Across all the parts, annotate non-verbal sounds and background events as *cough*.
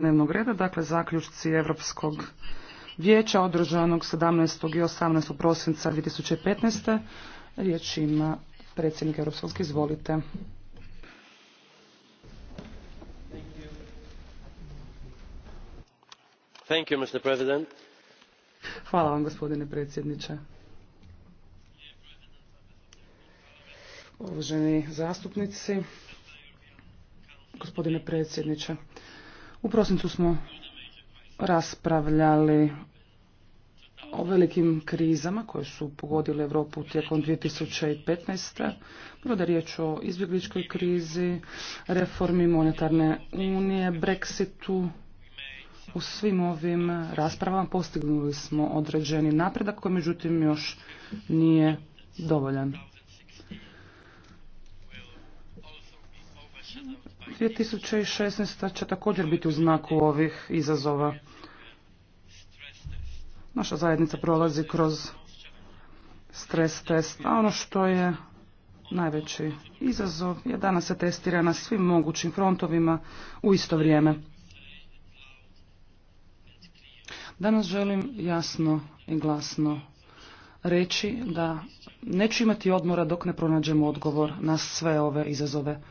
dnevnog reda, dakle zaključci Europskog vijeća održanog 17. i 18. prosinca 2015. Riječ ima predsjednik Europskog, izvolite. Hvala vam gospodine predsjedniče. Uvaženi zastupnici, gospodine predsjedniče, u prosincu smo raspravljali o velikim krizama koje su pogodile Europu tijekom 2015. Bilo da je riječ o izbjegličkoj krizi, reformi monetarne unije, Brexitu. U svim ovim raspravama postignuli smo određeni napredak koji međutim još nije dovoljan. 2016. će također biti u znaku ovih izazova. Naša zajednica prolazi kroz stres test, a ono što je najveći izazov je danas se testira na svim mogućim frontovima u isto vrijeme. Danas želim jasno i glasno reći da neću imati odmora dok ne pronađemo odgovor na sve ove izazove.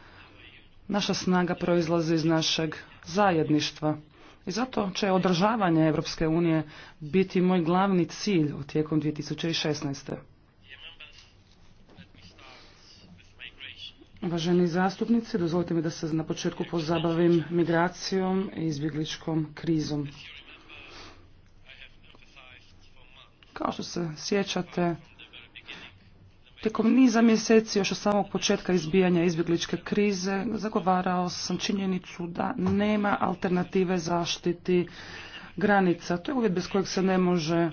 Naša snaga proizlazi iz našeg zajedništva. I zato će održavanje Europske unije biti moj glavni cilj u tijekom 2016. Uvaženi zastupnici, dozvolite mi da se na početku pozabavim migracijom i izbjegličkom krizom. Kao što se sjećate, Tijekom niza mjeseci, još od samog početka izbijanja izbjegličke krize, zagovarao sam činjenicu da nema alternative zaštiti granica. To je uvjet bez kojeg se ne može e,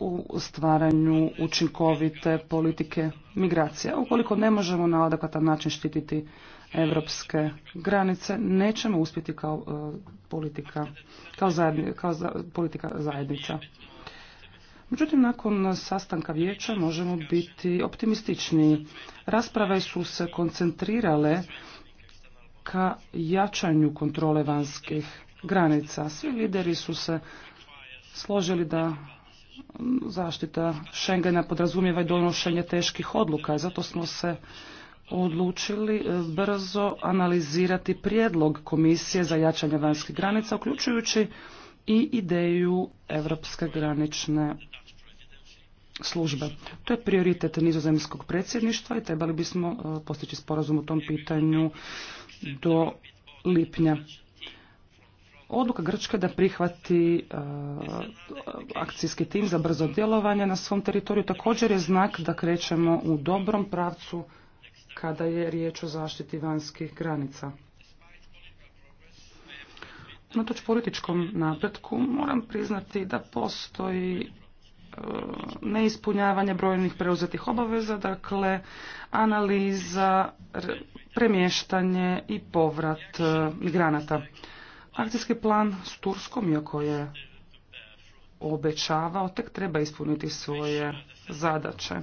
u stvaranju učinkovite politike migracija. Ukoliko ne možemo na adekvatan način štititi evropske granice, nećemo uspjeti kao e, politika, kao, politika zajednica. Međutim, nakon sastanka vijeća možemo biti optimističniji. Rasprave su se koncentrirale ka jačanju kontrole vanjskih granica. Svi lideri su se složili da zaštita Schengena podrazumijeva i donošenje teških odluka. Zato smo se odlučili e, brzo analizirati prijedlog Komisije za jačanje vanjskih granica, uključujući i ideju Europske granične službe. To je prioritet nizozemskog predsjedništva i trebali bismo e, postići sporazum u tom pitanju do lipnja. Odluka Grčke da prihvati e, akcijski tim za brzo djelovanje na svom teritoriju također je znak da krećemo u dobrom pravcu kada je riječ o zaštiti vanjskih granica unatoč političkom napretku moram priznati da postoji e, neispunjavanje brojnih preuzetih obaveza, dakle analiza, premještanje i povrat e, migranata. Akcijski plan s Turskom, iako je obećavao, tek treba ispuniti svoje zadaće.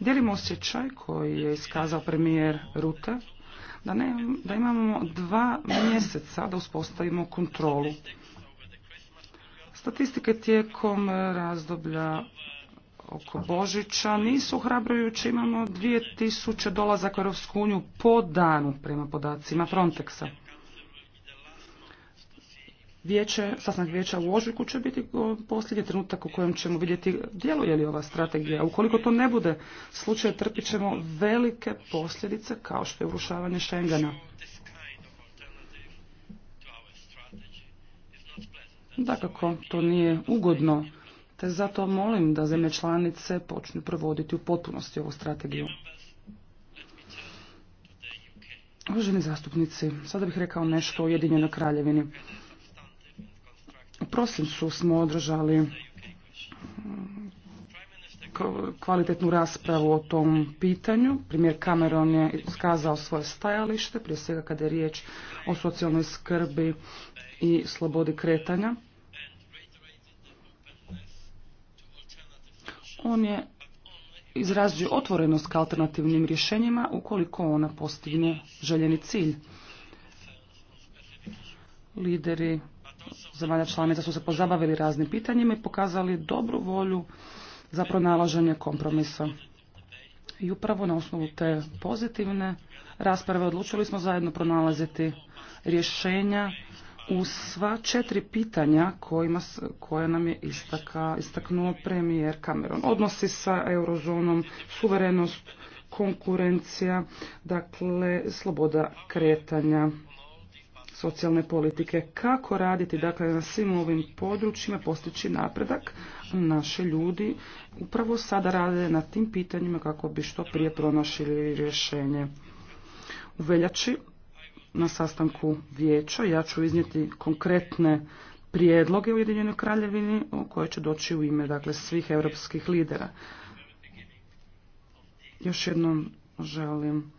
Dijelim osjećaj koji je iskazao premijer Rute da, ne, da imamo dva mjeseca da uspostavimo kontrolu. Statistike tijekom razdoblja oko Božića nisu hrabrujući, imamo 2000 dolazaka u Europsku uniju po danu prema podacima Frontexa. Vijeće, sastanak vijeća u ožujku će biti posljednji trenutak u kojem ćemo vidjeti djeluje li ova strategija. Ukoliko to ne bude slučaj, trpit ćemo velike posljedice kao što je urušavanje Schengena. Dakako, to nije ugodno, te zato molim da zemlje članice počnu provoditi u potpunosti ovu strategiju. Uvaženi zastupnici, sada bih rekao nešto o jedinjenoj kraljevini. U prosincu smo održali mm, kvalitetnu raspravu o tom pitanju. Primjer Cameron je iskazao svoje stajalište, prije svega kada je riječ o socijalnoj skrbi i slobodi kretanja. On je izrazio otvorenost ka alternativnim rješenjima ukoliko ona postigne željeni cilj. Lideri zemalja članica su se pozabavili raznim pitanjima i pokazali dobru volju za pronalaženje kompromisa. I upravo na osnovu te pozitivne rasprave odlučili smo zajedno pronalaziti rješenja u sva četiri pitanja kojima, koje nam je istaka, istaknuo premijer Cameron. Odnosi sa eurozonom, suverenost, konkurencija, dakle sloboda kretanja socijalne politike. Kako raditi dakle, na svim ovim područjima, postići napredak? Naše ljudi upravo sada rade na tim pitanjima kako bi što prije pronašili rješenje. U veljači na sastanku vijeća ja ću iznijeti konkretne prijedloge Ujedinjenoj kraljevini koje će doći u ime dakle, svih europskih lidera. Još jednom želim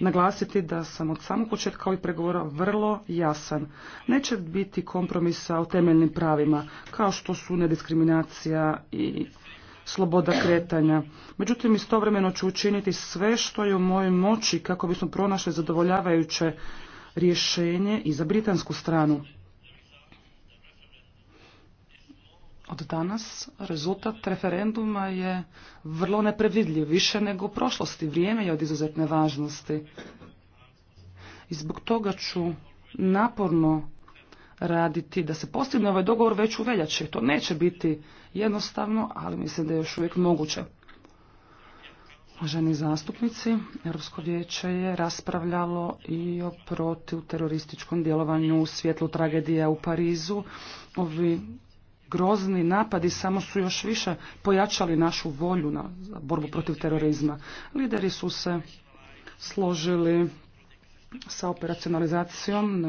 naglasiti da sam od samog početka ovih pregovora vrlo jasan. Neće biti kompromisa o temeljnim pravima, kao što su nediskriminacija i sloboda kretanja. Međutim, istovremeno ću učiniti sve što je u mojoj moći kako bismo pronašli zadovoljavajuće rješenje i za britansku stranu. od danas rezultat referenduma je vrlo neprevidljiv, više nego u prošlosti. Vrijeme je od izuzetne važnosti. I zbog toga ću naporno raditi da se postigne ovaj dogovor već u veljači. To neće biti jednostavno, ali mislim da je još uvijek moguće. Uvaženi zastupnici, Europsko vijeće je raspravljalo i o protiv terorističkom djelovanju u svjetlu tragedije u Parizu. Ovi grozni napadi samo su još više pojačali našu volju na borbu protiv terorizma. Lideri su se složili sa operacionalizacijom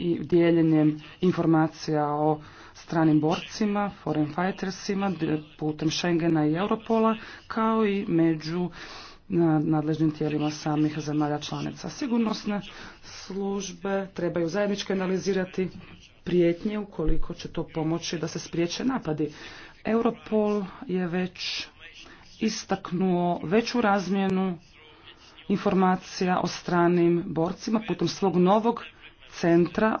i dijeljenjem informacija o stranim borcima, foreign fightersima, putem Schengena i Europola, kao i među nadležnim tijelima samih zemalja članica. Sigurnosne službe trebaju zajednički analizirati prijetnje ukoliko će to pomoći da se spriječe napadi. Europol je već istaknuo veću razmjenu informacija o stranim borcima putem svog novog centra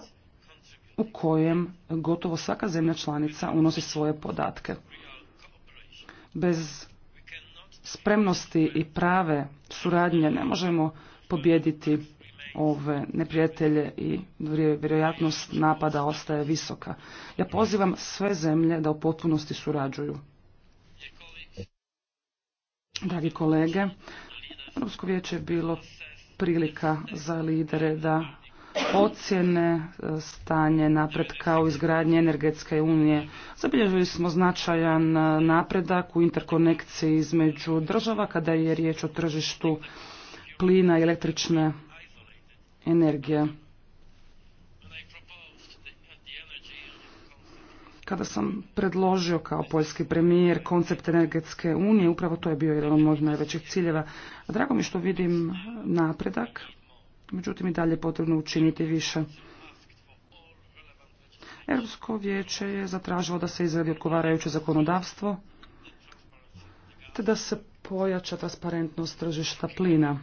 u kojem gotovo svaka zemlja članica unosi svoje podatke. Bez spremnosti i prave suradnje ne možemo pobijediti ove neprijatelje i vjerojatnost napada ostaje visoka. Ja pozivam sve zemlje da u potpunosti surađuju. Dragi kolege, Europsko vijeće je bilo prilika za lidere da ocjene e, stanje napretka u izgradnji energetske unije. Zabilježili smo značajan e, napredak u interkonekciji između država kada je riječ o tržištu plina i električne energija Kada sam predložio kao poljski premijer koncept energetske unije, upravo to je bio jedan od mojih najvećih ciljeva. drago mi što vidim napredak, međutim i dalje je potrebno učiniti više. Europsko vijeće je zatražilo da se izradi odgovarajuće zakonodavstvo, te da se pojača transparentnost tržišta plina.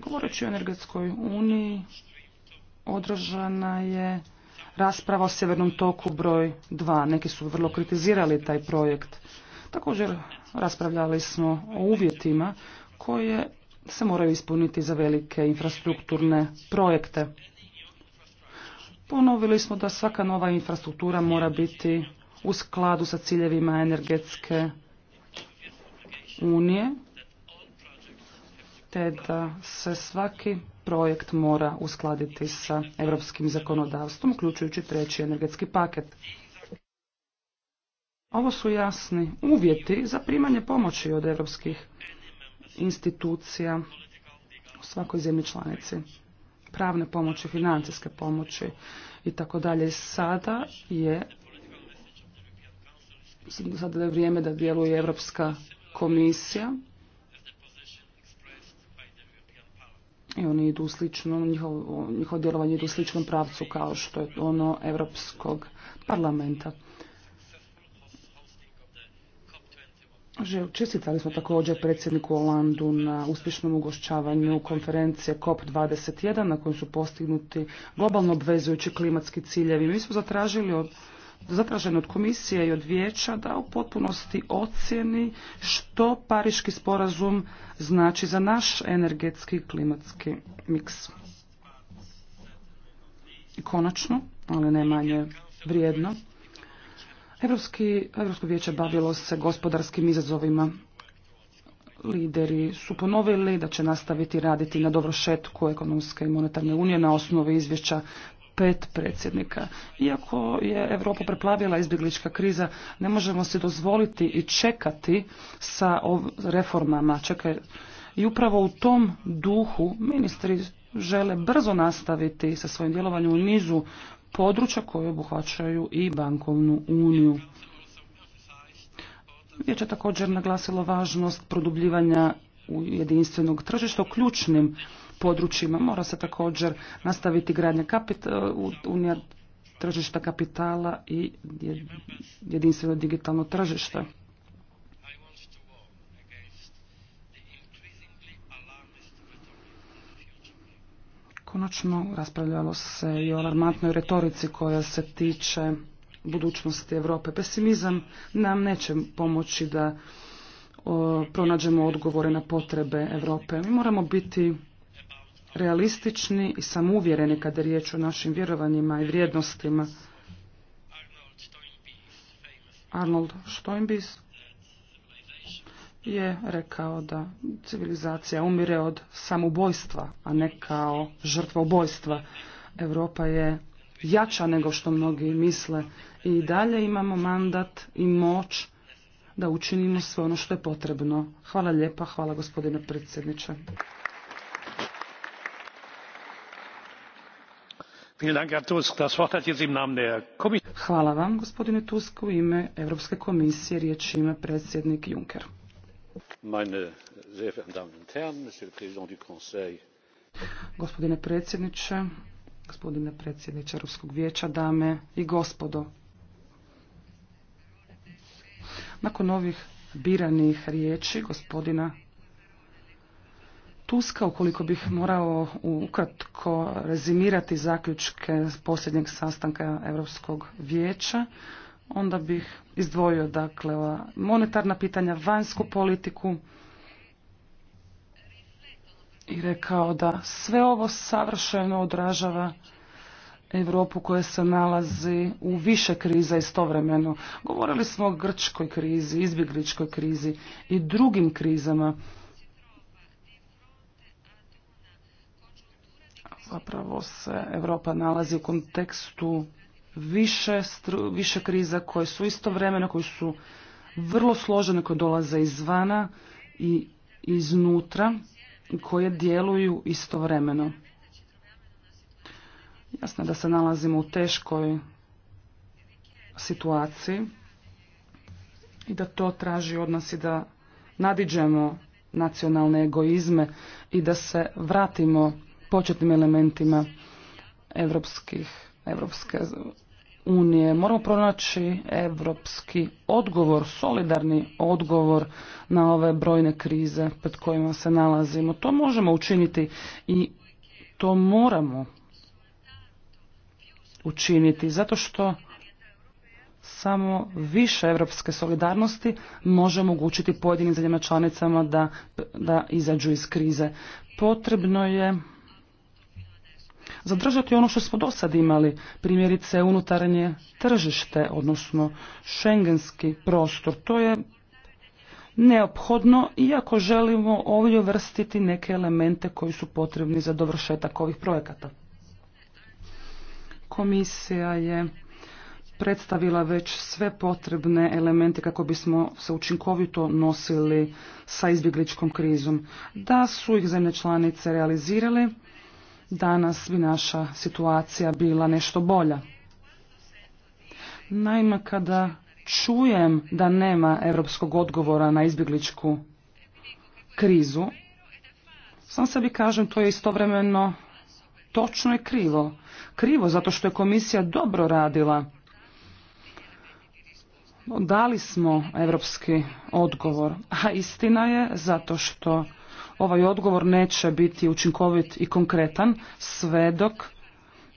Govoreći o energetskoj uniji, održana je rasprava o Sjevernom toku broj 2. Neki su vrlo kritizirali taj projekt. Također raspravljali smo o uvjetima koje se moraju ispuniti za velike infrastrukturne projekte. Ponovili smo da svaka nova infrastruktura mora biti u skladu sa ciljevima energetske unije te da se svaki projekt mora uskladiti sa europskim zakonodavstvom, uključujući treći energetski paket. Ovo su jasni uvjeti za primanje pomoći od europskih institucija u svakoj zemlji članici. Pravne pomoći, financijske pomoći i tako dalje. Sada je sada vrijeme da djeluje Europska komisija i oni idu u njihovo, njihovo djelovanje idu u sličnom pravcu kao što je ono Europskog parlamenta. Čestitali smo također predsjedniku Olandu na uspješnom ugošćavanju konferencije COP21 na kojoj su postignuti globalno obvezujući klimatski ciljevi. Mi smo zatražili od zatraženo od komisije i od vijeća da u potpunosti ocjeni što pariški sporazum znači za naš energetski i klimatski miks. I konačno, ali ono ne manje vrijedno, Evropski, Evropsko vijeće bavilo se gospodarskim izazovima. Lideri su ponovili da će nastaviti raditi na dobrošetku ekonomske i monetarne unije na osnovi izvješća pet predsjednika. Iako je Europu preplavila izbjeglička kriza, ne možemo si dozvoliti i čekati sa reformama. Čekaj. I upravo u tom duhu ministri žele brzo nastaviti sa svojim djelovanjem u nizu područja koje obuhvaćaju i bankovnu uniju. Vijeće također naglasilo važnost produbljivanja jedinstvenog tržišta ključnim područjima. Mora se također nastaviti gradnja kapita, unija tržišta kapitala i jedinstveno digitalno tržište. Konačno raspravljalo se i o alarmantnoj retorici koja se tiče budućnosti Europe. Pesimizam nam neće pomoći da pronađemo odgovore na potrebe Europe. Mi moramo biti realistični i samouvjereni kada je riječ o našim vjerovanjima i vrijednostima. Arnold Stoinbis je rekao da civilizacija umire od samobojstva, a ne kao ubojstva. Europa je jača nego što mnogi misle i dalje imamo mandat i moć da učinimo sve ono što je potrebno. Hvala lijepa, hvala gospodine predsjedniče. Hvala vam, gospodine Tusk. U ime Europske komisije riječ ima predsjednik Juncker. Gospodine predsjedniče, gospodine predsjedniče Europskog vijeća, dame i gospodo. Nakon ovih biranih riječi gospodina Tuska, ukoliko bih morao ukratko rezimirati zaključke posljednjeg sastanka Europskog vijeća, onda bih izdvojio dakle monetarna pitanja, vanjsku politiku i rekao da sve ovo savršeno odražava Europu koja se nalazi u više kriza istovremeno. Govorili smo o grčkoj krizi, izbjegličkoj krizi i drugim krizama zapravo se Europa nalazi u kontekstu više, više kriza koje su istovremeno, koje su vrlo složene, koje dolaze izvana i iznutra, i koje djeluju istovremeno. Jasno da se nalazimo u teškoj situaciji i da to traži od nas i da nadiđemo nacionalne egoizme i da se vratimo početnim elementima evropskih, Evropske unije. Moramo pronaći evropski odgovor, solidarni odgovor na ove brojne krize pred kojima se nalazimo. To možemo učiniti i to moramo učiniti zato što samo više evropske solidarnosti može omogućiti pojedinim zemljama članicama da, da izađu iz krize. Potrebno je zadržati ono što smo do sad imali, primjerice unutarnje tržište, odnosno šengenski prostor. To je neophodno, iako želimo ovdje uvrstiti neke elemente koji su potrebni za dovršetak ovih projekata. Komisija je predstavila već sve potrebne elemente kako bismo se učinkovito nosili sa izbjegličkom krizom. Da su ih zemlje članice realizirali danas bi naša situacija bila nešto bolja. Naime, kada čujem da nema europskog odgovora na izbjegličku krizu, sam sebi kažem to je istovremeno točno i krivo. Krivo zato što je komisija dobro radila. Dali smo europski odgovor, a istina je zato što ovaj odgovor neće biti učinkovit i konkretan sve dok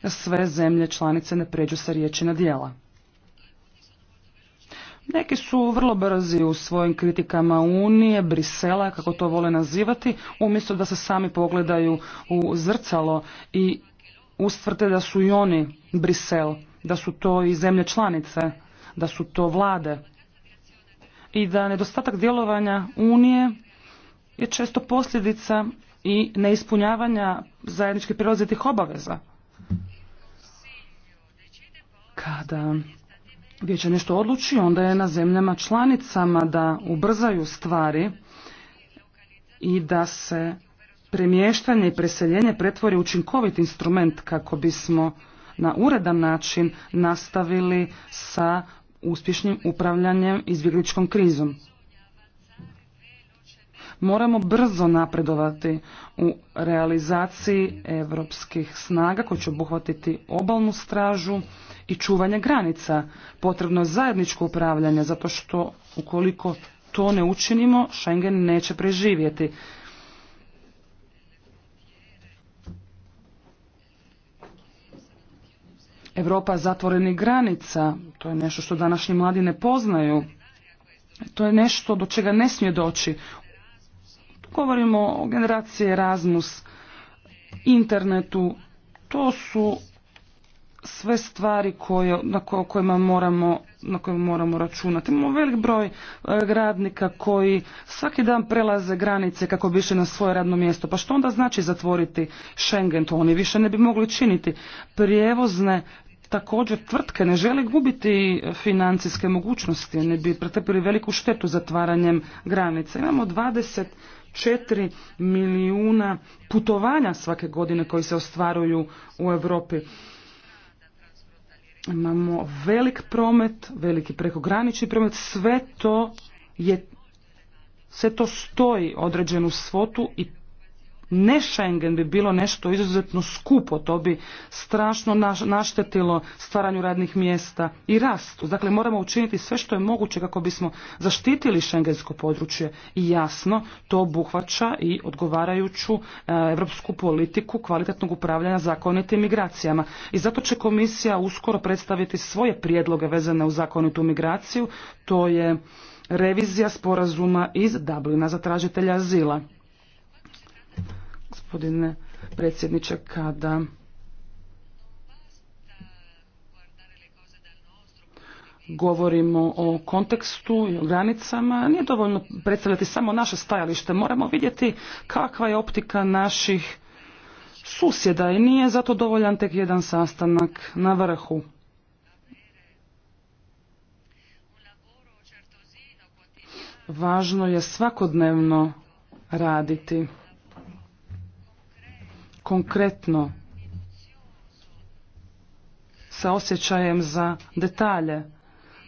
sve zemlje članice ne pređu sa riječi na dijela. Neki su vrlo brzi u svojim kritikama Unije, Brisela, kako to vole nazivati, umjesto da se sami pogledaju u zrcalo i ustvrte da su i oni Brisel, da su to i zemlje članice, da su to vlade i da nedostatak djelovanja Unije je često posljedica i neispunjavanja zajednički preuzetih obaveza. Kada vijeće nešto odluči, onda je na zemljama članicama da ubrzaju stvari i da se premještanje i preseljenje pretvori učinkovit instrument kako bismo na uredan način nastavili sa uspješnim upravljanjem izbjegličkom krizom. Moramo brzo napredovati u realizaciji europskih snaga koji će obuhvatiti obalnu stražu i čuvanje granica. Potrebno je zajedničko upravljanje zato što ukoliko to ne učinimo, Schengen neće preživjeti. Europa zatvorenih granica, to je nešto što današnji mladi ne poznaju. To je nešto do čega ne smije doći. Govorimo o generaciji Erasmus, internetu. To su sve stvari koje, na kojima moramo na kojima moramo računati. Imamo velik broj e, radnika koji svaki dan prelaze granice kako bi išli na svoje radno mjesto. Pa što onda znači zatvoriti Schengen? To oni više ne bi mogli činiti. Prijevozne također tvrtke ne žele gubiti financijske mogućnosti. Ne bi pretrpili veliku štetu zatvaranjem granica. Imamo 20 4 milijuna putovanja svake godine koji se ostvaruju u Europi. Imamo velik promet, veliki prekogranični promet, sve to je sve to stoji određenu svotu i ne Schengen bi bilo nešto izuzetno skupo, to bi strašno naštetilo stvaranju radnih mjesta i rastu. Dakle, moramo učiniti sve što je moguće kako bismo zaštitili Schengensko područje i jasno to obuhvaća i odgovarajuću europsku politiku kvalitetnog upravljanja zakonitim migracijama. I zato će komisija uskoro predstaviti svoje prijedloge vezane u zakonitu migraciju, to je revizija sporazuma iz Dublina za tražitelja azila. Gospodine predsjedniče, kada govorimo o kontekstu i o granicama, nije dovoljno predstavljati samo naše stajalište. Moramo vidjeti kakva je optika naših susjeda i nije zato dovoljan tek jedan sastanak na vrhu. Važno je svakodnevno raditi konkretno sa osjećajem za detalje.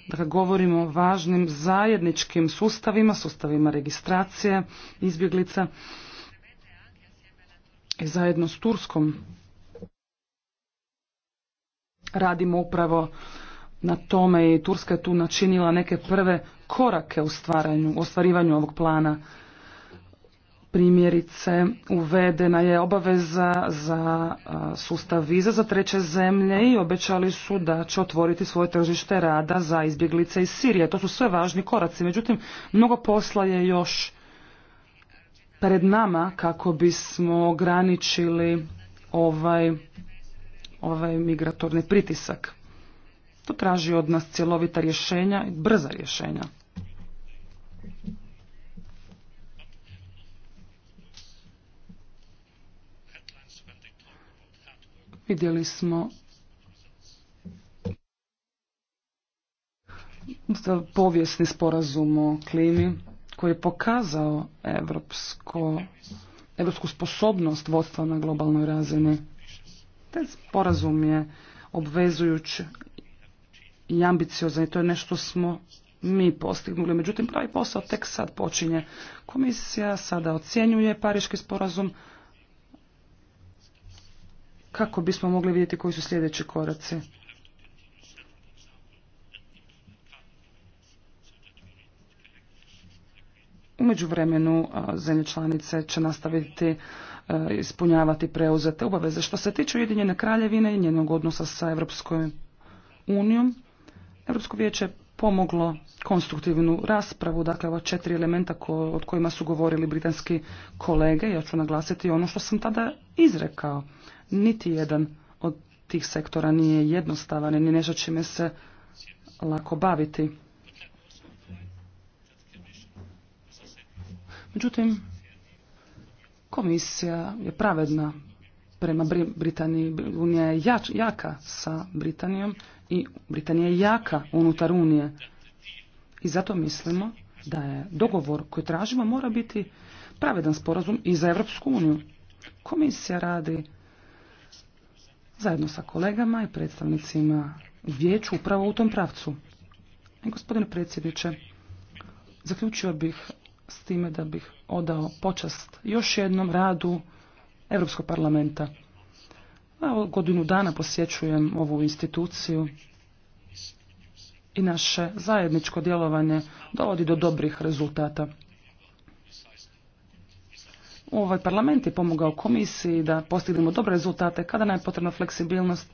Dakle, govorimo o važnim zajedničkim sustavima, sustavima registracije izbjeglica i zajedno s Turskom radimo upravo na tome i Turska je tu načinila neke prve korake u, stvaranju, u ostvarivanju ovog plana. Primjerice, uvedena je obaveza za sustav viza za treće zemlje i obećali su da će otvoriti svoje tržište rada za izbjeglice iz Sirije. To su sve važni koraci, međutim, mnogo posla je još pred nama kako bismo ograničili ovaj, ovaj migratorni pritisak. To traži od nas cjelovita rješenja i brza rješenja. Vidjeli smo povijesni sporazum o klimi koji je pokazao evropsko, evropsku sposobnost vodstva na globalnoj razini. Taj sporazum je obvezujuć i ambiciozan i to je nešto smo mi postignuli. Međutim, pravi posao tek sad počinje. Komisija sada ocjenjuje Pariški sporazum, kako bismo mogli vidjeti koji su sljedeći koraci. U međuvremenu zemlje članice će nastaviti ispunjavati preuzete obaveze. Što se tiče Ujedinjene kraljevine i njenog odnosa sa Evropskoj unijom, Europsko vijeće pomoglo konstruktivnu raspravu, dakle ova četiri elementa od kojima su govorili britanski kolege, ja ću naglasiti ono što sam tada izrekao. Niti jedan od tih sektora nije jednostavan i nešto čime se lako baviti. Međutim, komisija je pravedna prema Britaniji. Unija je jaka sa Britanijom i Britanija je jaka unutar Unije. I zato mislimo da je dogovor koji tražimo mora biti pravedan sporazum i za Europsku uniju. Komisija radi zajedno sa kolegama i predstavnicima vijeću upravo u tom pravcu. gospodine predsjedniče, zaključio bih s time da bih odao počast još jednom radu Europskog parlamenta. Evo godinu dana posjećujem ovu instituciju i naše zajedničko djelovanje dovodi do dobrih rezultata ovaj parlament je pomogao komisiji da postignemo dobre rezultate kada nam je potrebna fleksibilnost,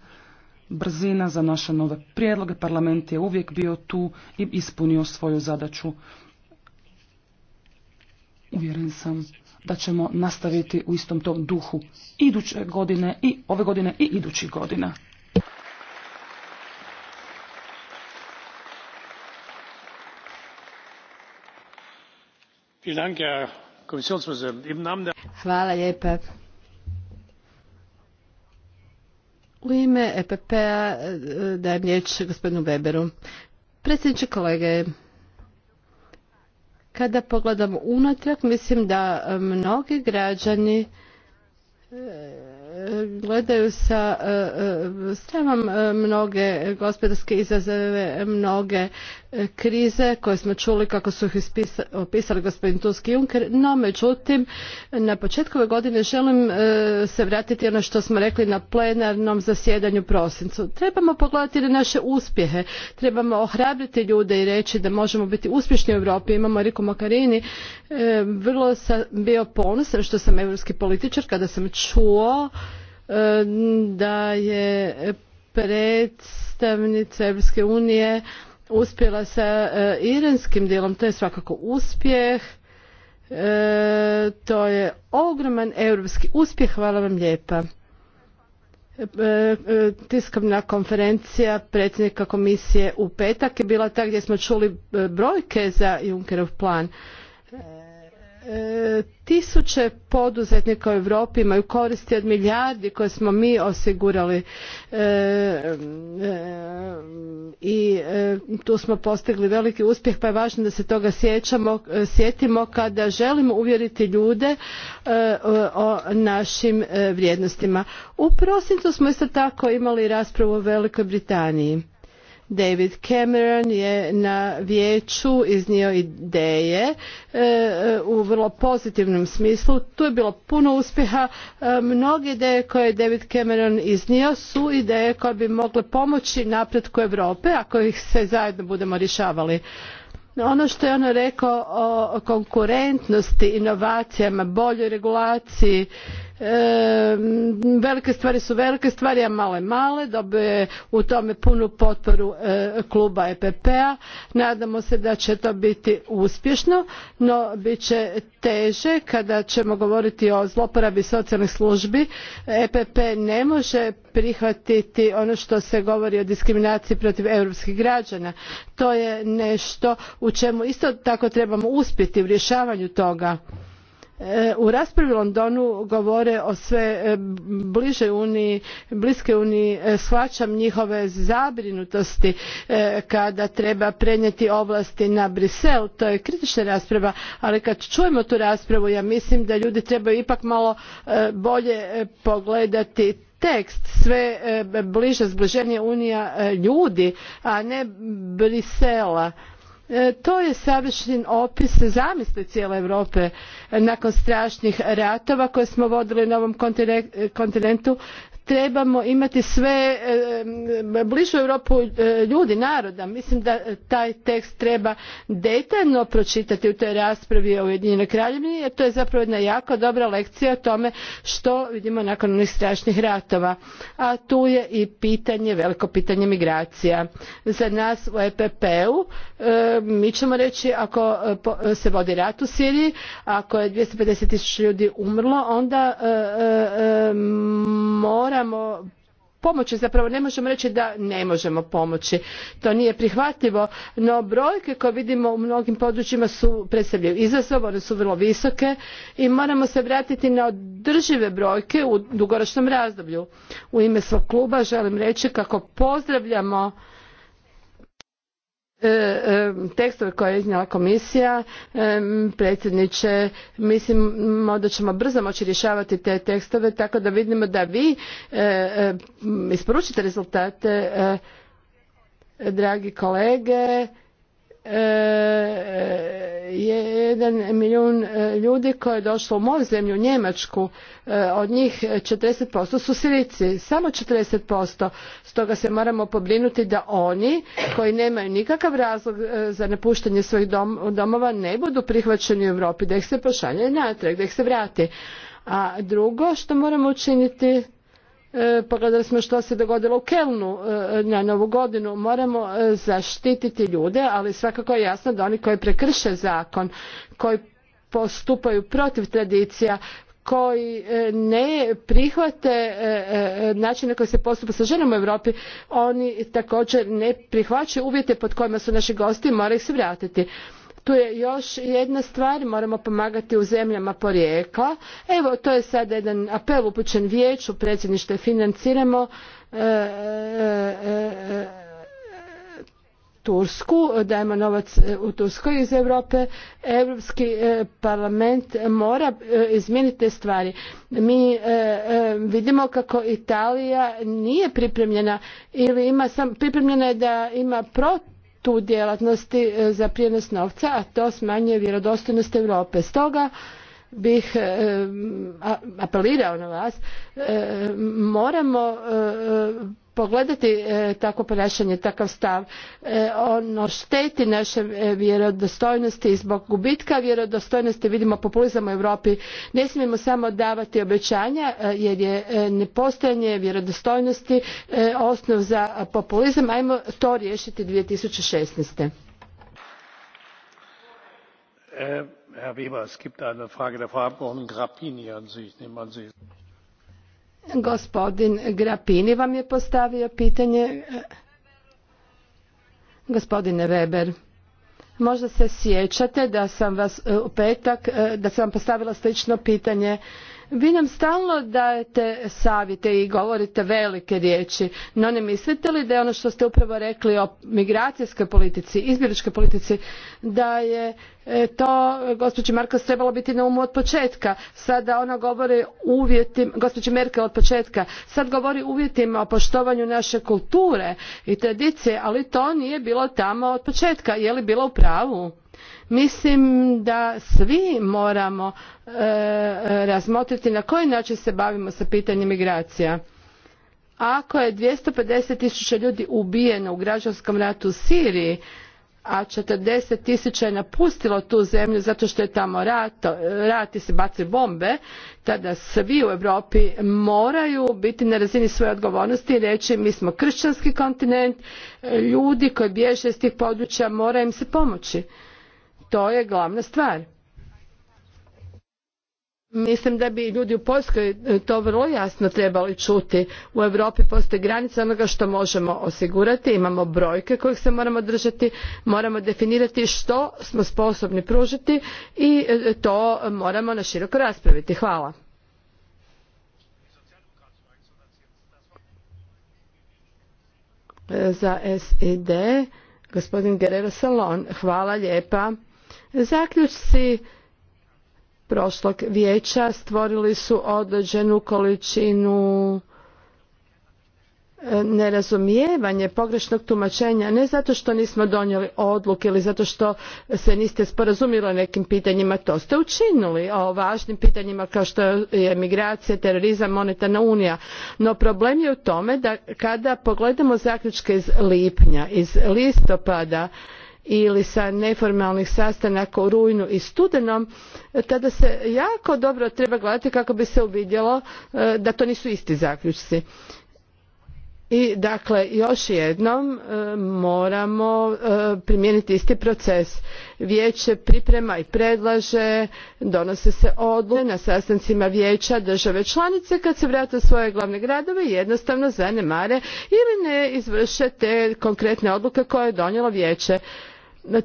brzina za naše nove prijedloge. Parlament je uvijek bio tu i ispunio svoju zadaću. Uvjeren sam da ćemo nastaviti u istom tom duhu iduće godine i ove godine i idućih godina. Vielen Dank, Hvala lijepa. U ime EPP-a eh, dajem riječ gospodinu Weberu. Predsjedniče kolege, kada pogledam unatrag, mislim da mnogi građani eh, gledaju sa e, e, stremom e, mnoge gospodarske izazove, mnoge krize koje smo čuli kako su ih opisali gospodin Tusk Juncker, no međutim na početku ove godine želim se vratiti ono što smo rekli na plenarnom zasjedanju prosincu. Trebamo pogledati na naše uspjehe, trebamo ohrabriti ljude i reći da možemo biti uspješni u Europi. Imamo Riku Makarini, vrlo sam bio ponosan što sam europski političar kada sam čuo E, da je predstavnica Europske unije uspjela sa e, iranskim dijelom, to je svakako uspjeh. E, to je ogroman europski uspjeh, hvala vam lijepa tiskovna konferencija predsjednika komisije u petak je bila ta gdje smo čuli brojke za Junckerov plan. E, tisuće poduzetnika u Europi imaju koristi od milijardi koje smo mi osigurali e, e, i tu smo postigli veliki uspjeh pa je važno da se toga sjetimo kada želimo uvjeriti ljude o našim vrijednostima. U prosincu smo isto tako imali raspravu o Velikoj Britaniji David Cameron je na vijeću iznio ideje e, e, u vrlo pozitivnom smislu. Tu je bilo puno uspjeha. E, mnoge ideje koje je David Cameron iznio su ideje koje bi mogle pomoći napretku Europe ako ih se zajedno budemo rješavali. Ono što je ono rekao o konkurentnosti, inovacijama, boljoj regulaciji velike stvari su velike stvari a male male dobio je u tome punu potporu e, kluba epp a p-a. nadamo se da će to biti uspješno no bit će teže kada ćemo govoriti o zloporabi socijalnih službi epp ne može prihvatiti ono što se govori o diskriminaciji protiv europskih građana to je nešto u čemu isto tako trebamo uspjeti u rješavanju toga u raspravi u Londonu govore o sve e, bliže uniji, bliske uniji, e, shvaćam njihove zabrinutosti e, kada treba prenijeti ovlasti na Brisel, to je kritična rasprava, ali kad čujemo tu raspravu ja mislim da ljudi trebaju ipak malo bolje pogledati tekst sve bliže zbliženija unija ljudi, a ne Brisela E, to je savršen opis zamisli cijele Europe e, nakon strašnih ratova koje smo vodili na ovom e, kontinentu trebamo imati sve bližu Europu ljudi, naroda. Mislim da taj tekst treba detaljno pročitati u toj raspravi o Ujedinjenoj kraljevini jer to je zapravo jedna jako dobra lekcija o tome što vidimo nakon onih strašnih ratova. A tu je i pitanje, veliko pitanje migracija. Za nas u EPP-u mi ćemo reći ako e, se vodi rat u Siriji, ako je pedeset tisuća ljudi umrlo, onda e, e, mora moramo pomoći zapravo ne možemo reći da ne možemo pomoći to nije prihvatljivo no brojke koje vidimo u mnogim područjima su predstavljaju izazov one su vrlo visoke i moramo se vratiti na održive brojke u dugoročnom razdoblju u ime svog kluba želim reći kako pozdravljamo E, e, tekstove koje je iznijela komisija e, predsjedniče mislimo da ćemo brzo moći rješavati te tekstove tako da vidimo da vi isporučite rezultate dragi kolege je e, jedan milijun e, ljudi koje je došlo u moju zemlju, Njemačku, e, od njih 40% su sirici, samo 40%. Stoga se moramo pobrinuti da oni koji nemaju nikakav razlog za napuštanje svojih domova ne budu prihvaćeni u Europi, da ih se pošalje natrag, da ih se vrati. A drugo što moramo učiniti E, pogledali smo što se dogodilo u Kelnu e, na Novu godinu. Moramo e, zaštititi ljude, ali svakako je jasno da oni koji prekrše zakon, koji postupaju protiv tradicija, koji ne prihvate način na koji se postupa sa ženama u Europi, oni također ne prihvaćaju uvjete pod kojima su naši gosti i moraju ih se vratiti tu je još jedna stvar, moramo pomagati u zemljama porijekla. Evo, to je sada jedan apel upućen vijeću, predsjedništvo financiramo e, e, e, Tursku, dajemo novac u Turskoj iz Europe, Europski parlament mora izmijeniti te stvari. Mi vidimo kako Italija nije pripremljena ili ima pripremljena je da ima protiv tu djelatnosti e, za prijenos novca, a to smanjuje vjerodostojnost Europe. Stoga bih eh, apelirao na vas eh, moramo eh, pogledati takvo ponašanje takav stav ono šteti naše vjerodostojnosti i zbog gubitka vjerodostojnosti vidimo populizam u europi ne smijemo samo davati obećanja jer je nepostojanje vjerodostojnosti osnov za populizam ajmo to riješiti. two thousand and gospodin grapini vam je postavio pitanje gospodine weber možda se sjećate da sam vas e, u petak e, da sam vam postavila slično pitanje vi nam stalno dajete savjete i govorite velike riječi, no ne mislite li da je ono što ste upravo rekli o migracijskoj politici, izbjegličkoj politici, da je e, to gospođi Markos trebalo biti na umu od početka. Sada ona govori uvjetim, gospođi Merkel od početka, sad govori uvjetima o poštovanju naše kulture i tradicije, ali to nije bilo tamo od početka. Je li bilo u pravu? mislim da svi moramo e, razmotriti na koji način se bavimo sa pitanjem migracija ako je pedeset tisuća ljudi ubijeno u građanskom ratu u Siriji, a četrdeset tisuća je napustilo tu zemlju zato što je tamo rat, i se bacaju bombe, tada svi u Europi moraju biti na razini svoje odgovornosti i reći mi smo kršćanski kontinent, ljudi koji bježe iz tih područja mora im se pomoći. To je glavna stvar. Mislim da bi ljudi u Poljskoj e, to vrlo jasno trebali čuti. U Europi postoji granica onoga što možemo osigurati, imamo brojke kojih se moramo držati, moramo definirati što smo sposobni pružiti i e, to moramo na široko raspraviti. Hvala. E, za SID, gospodin Guerrero Salon, hvala lijepa. Zaključci prošlog vijeća stvorili su određenu količinu e, nerazumijevanje pogrešnog tumačenja ne zato što nismo donijeli odluke ili zato što se niste sporazumili o nekim pitanjima to ste učinili o važnim pitanjima kao što je migracija terorizam monetarna unija no problem je u tome da kada pogledamo zaključke iz lipnja iz listopada ili sa neformalnih sastanaka u rujnu i studenom tada se jako dobro treba gledati kako bi se uvidjelo e, da to nisu isti zaključci i dakle još jednom e, moramo e, primijeniti isti proces vijeće priprema i predlaže donose se odluke na sastancima vijeća države članice kad se vrate u svoje glavne gradove jednostavno zanemare ili ne izvrše te konkretne odluke koje je donijelo vijeće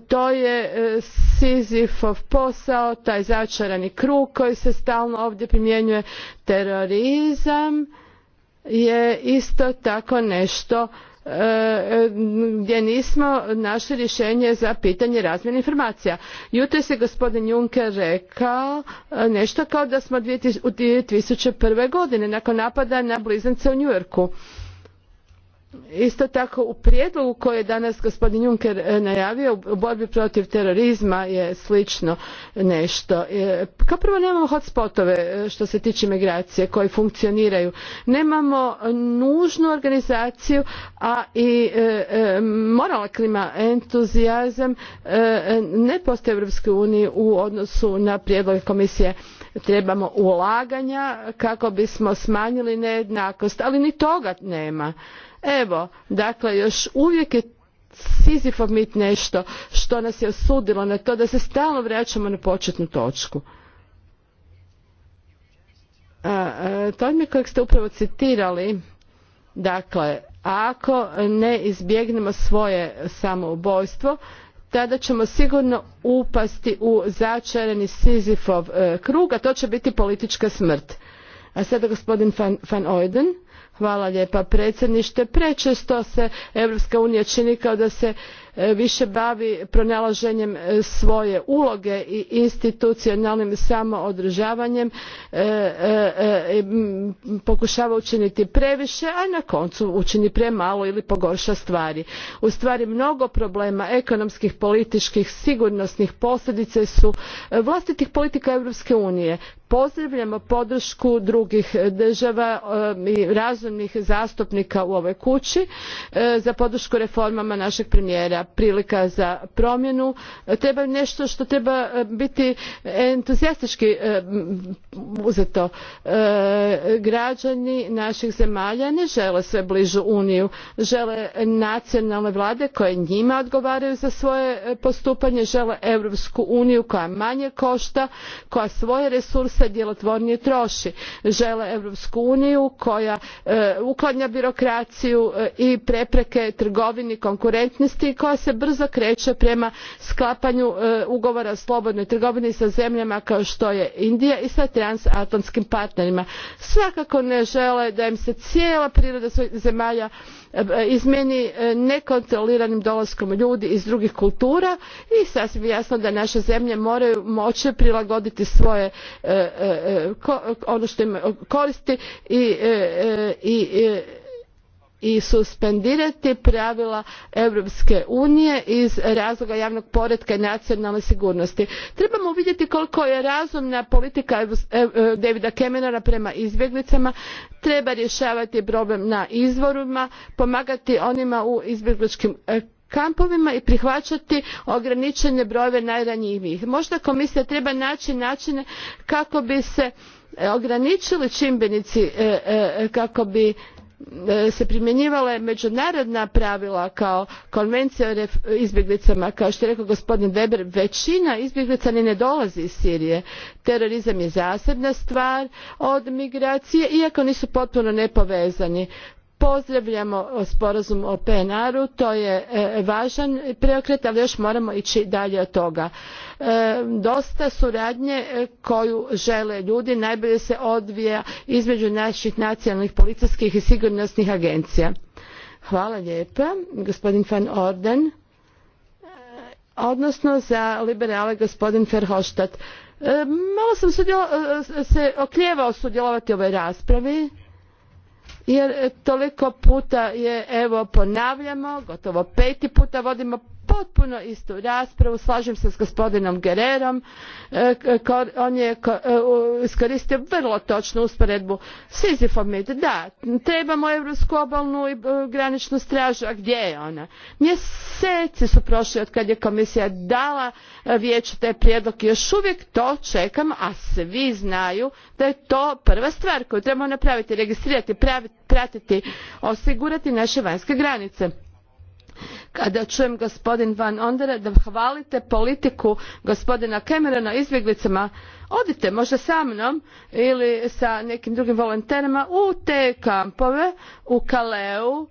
to je e, Sizifov posao, taj začarani krug koji se stalno ovdje primjenjuje. Terorizam je isto tako nešto e, gdje nismo našli rješenje za pitanje razmjene informacija. Jutros je gospodin Juncker rekao e, nešto kao da smo u 2001. godine nakon napada na blizance u Njujorku isto tako u prijedlogu koji je danas gospodin juncker e, najavio u borbi protiv terorizma je slično nešto e, kao prvo nemamo hotspotove e, što se tiče migracije koji funkcioniraju nemamo nužnu organizaciju a i moralna klima entuzijazam ne postoji u europskoj uniji u odnosu na prijedloge komisije trebamo ulaganja kako bismo smanjili nejednakost ali ni toga nema Evo, dakle, još uvijek je Sizifov mit nešto što nas je osudilo na to da se stalno vraćamo na početnu točku. E, mi kojeg ste upravo citirali, dakle, ako ne izbjegnemo svoje samoubojstvo, tada ćemo sigurno upasti u začarani Sizifov e, krug, a to će biti politička smrt. A sada gospodin Van, van Hvala lijepa predsjedniče. Prečesto se Europska unija čini kao da se e, više bavi pronalaženjem e, svoje uloge i institucionalnim samoodržavanjem e, pokušava učiniti previše a na koncu učini premalo ili pogorša stvari. ustvari mnogo problema ekonomskih političkih sigurnosnih posljedica su vlastitih politika europske unije pozdravljamo podršku drugih država um, i razumnih zastupnika u ovoj kući uh, za podršku reformama našeg premijera prilika za promjenu uh, treba nešto što treba uh, biti entuzijastički um, uzeto građani naših zemalja ne žele sve bližu uniju žele nacionalne vlade koje njima odgovaraju za svoje postupanje žele europsku uniju koja manje košta koja svoje resurse se djelotvornije troši žele europsku uniju koja e, uklanja birokraciju e, i prepreke trgovini konkurentnosti i koja se brzo kreće prema sklapanju e, ugovora o slobodnoj trgovini sa zemljama kao što je indija i sa transatlantskim partnerima. svakako ne žele da im se cijela priroda zemalja E, izmijeni e, nekontroliranim dolaskom ljudi iz drugih kultura i sasvim jasno da naše zemlje moraju moći prilagoditi svoje e, ono što im koristi i i suspendirati pravila Europske unije iz razloga javnog poretka i nacionalne sigurnosti. Trebamo vidjeti koliko je razumna politika e, e, Davida Camerona prema izbjeglicama. Treba rješavati problem na izvorima, pomagati onima u izbjegličkim e, kampovima i prihvaćati ograničene brojeve najranjivijih. Možda komisija treba naći načine kako bi se ograničili čimbenici kako bi E, se primjenjivala međunarodna pravila kao konvencija o izbjeglicama kao što je rekao gospodin weber većina izbjeglica ni ne dolazi iz sirije terorizam je zasebna stvar od migracije iako nisu potpuno nepovezani pozdravljamo e, sporazum o PNR-u, to je e, važan preokret, ali još moramo ići dalje od toga. E, dosta suradnje koju žele ljudi najbolje se odvija između naših nacionalnih policijskih i sigurnosnih agencija. Hvala lijepa, gospodin Van Orden, odnosno za liberale gospodin Verhofstadt. Malo sam se okljevao sudjelovati u ovoj raspravi jer toliko puta je evo ponavljamo gotovo peti puta vodimo potpuno istu raspravu slažem se s gospodinom guerrerom e, on je e, iskoristio vrlo točnu usporedbu sizifov da trebamo europsku obalnu i e, graničnu stražu a gdje je ona? mjeseci su prošli od kad je komisija dala vijeću taj prijedlog i još uvijek to čekam a svi znaju da je to prva stvar koju trebamo napraviti registrirati pratiti osigurati naše vanjske granice kada čujem gospodin van ondera da hvalite politiku gospodina camerona izbjeglicama odite možda sa mnom ili sa nekim drugim volonterima u te kampove u Kaleu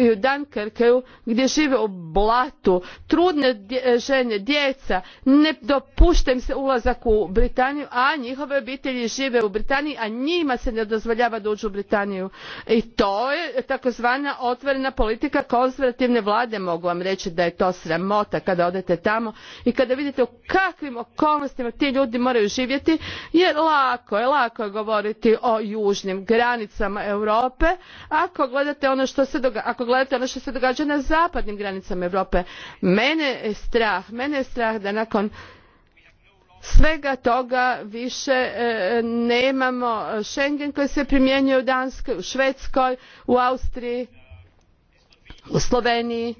i u Dunkerku gdje žive u blatu, trudne žene, djeca, ne dopušta im se ulazak u Britaniju, a njihove obitelji žive u Britaniji, a njima se ne dozvoljava da uđu u Britaniju. I to je takozvana otvorena politika konzervativne vlade, mogu vam reći da je to sramota kada odete tamo i kada vidite u kakvim okolnostima ti ljudi moraju živjeti, jer lako je, lako je govoriti o južnim granicama Europe, ako gledate ono što se ako gledate ono što se događa na zapadnim granicama Europe mene je strah mene je strah da nakon svega toga više e, nemamo schengen koji se primjenjuje u danskoj u švedskoj u austriji u sloveniji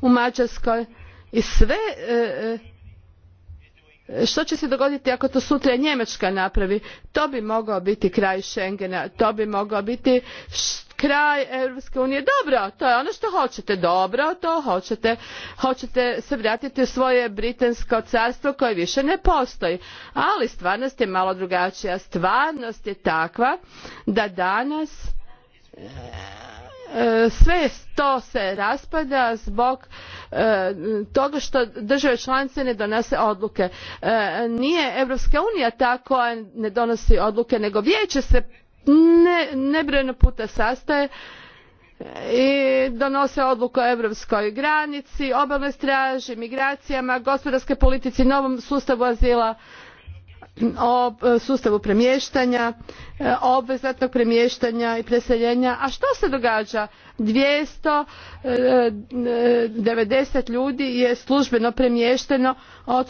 u mađarskoj i sve e, e, što će se dogoditi ako to sutra njemačka napravi to bi mogao biti kraj schengena to bi mogao biti kraj Europske unije. Dobro, to je ono što hoćete. Dobro, to hoćete. Hoćete se vratiti u svoje britansko carstvo koje više ne postoji. Ali stvarnost je malo drugačija. Stvarnost je takva da danas e, sve to se raspada zbog e, toga što države članice ne donose odluke. E, nije europska unija ta koja ne donosi odluke nego vijeće se ne, nebrojeno puta sastaje i donose odluku o europskoj granici obalnoj straži migracijama gospodarskoj politici novom sustavu azila o e, sustavu premještanja, e, obvezatnog premještanja i preseljenja. A što se događa? 290 e, ljudi je službeno premješteno od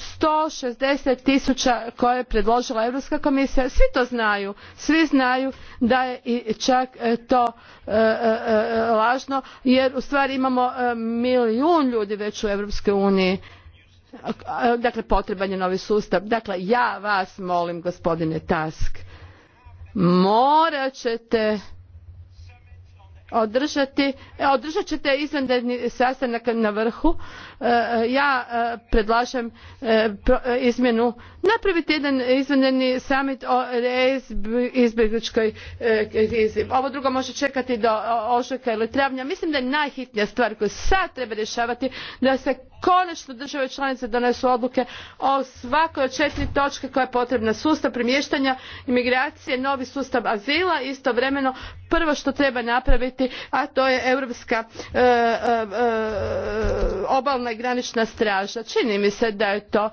šezdeset tisuća koje je predložila Europska komisija. Svi to znaju. Svi znaju da je i čak to lažno jer ustvari imamo milijun ljudi već u Europskoj uniji dakle potreban je novi sustav dakle ja vas molim gospodine Task morat ćete održati e, održat ćete izvanredni sastanak na vrhu e, ja e, predlažem izmjenu napravite jedan izvanredni summit o izbjegličkoj krizi ovo drugo može čekati do ožujka ili travnja mislim da je najhitnija stvar koju sad treba rješavati da se konačno države članice donesu odluke o svakoj od četiri točke koja je potrebna sustav premještanja imigracije novi sustav azila istovremeno prvo što treba napraviti a to je europska e, e, e, obalna i granična straža čini mi se da je to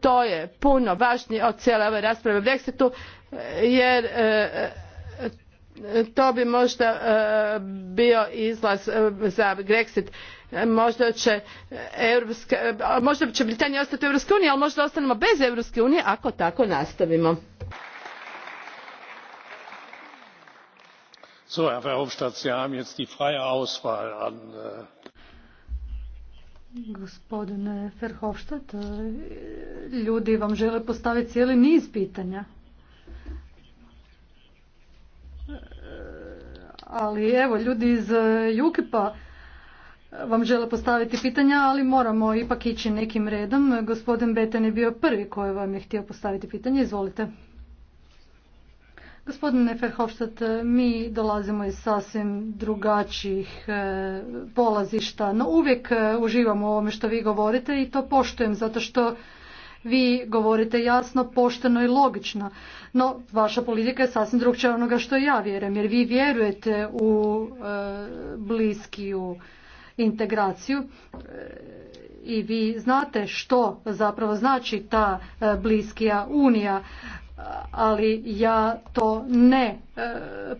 to je puno važnije od cijele ove rasprave o brexitu jer to bi možda bio izlaz za brexit možda će, možda će britanija ostati u europskoj ali možda ostanemo bez europske unije ako tako nastavimo. So, herr verhofstadt jetzt die freie auswahl an äh, Gospodine e, ljudi vam žele postaviti cijeli niz pitanja. E, ali evo, ljudi iz e, Jukipa vam žele postaviti pitanja, ali moramo ipak ići nekim redom. Gospodin Betan je bio prvi koji vam je htio postaviti pitanje. Izvolite. Gospodine Ferhofstadt, mi dolazimo iz sasvim drugačijih e, polazišta, no uvijek e, uživamo u ovome što vi govorite i to poštujem zato što vi govorite jasno, pošteno i logično. No, vaša politika je sasvim drugčija onoga što ja vjerujem, jer vi vjerujete u e, bliskiju integraciju i vi znate što zapravo znači ta bliskija unija ali ja to ne e,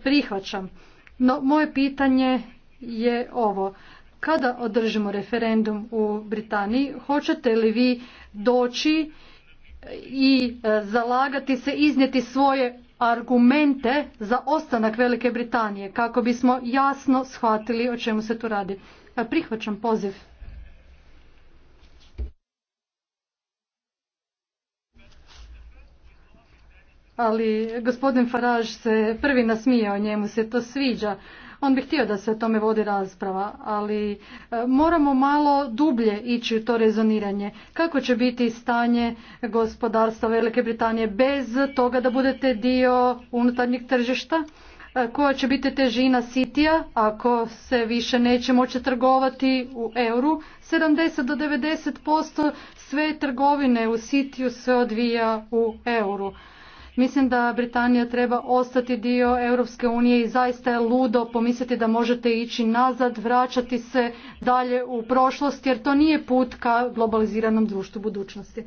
prihvaćam. No, moje pitanje je ovo. Kada održimo referendum u Britaniji, hoćete li vi doći i e, zalagati se, iznijeti svoje argumente za ostanak Velike Britanije kako bismo jasno shvatili o čemu se tu radi. E, prihvaćam poziv. ali gospodin Farage se prvi nasmijao, njemu se to sviđa. On bi htio da se o tome vodi rasprava, ali e, moramo malo dublje ići u to rezoniranje. Kako će biti stanje gospodarstva Velike Britanije bez toga da budete dio unutarnjeg tržišta? E, koja će biti težina sitija ako se više neće moći trgovati u euru. 70 do 90% sve trgovine u sitiju se odvija u euru. Mislim da Britanija treba ostati dio Europske unije i zaista je ludo pomisliti da možete ići nazad, vraćati se dalje u prošlost jer to nije put ka globaliziranom društvu budućnosti.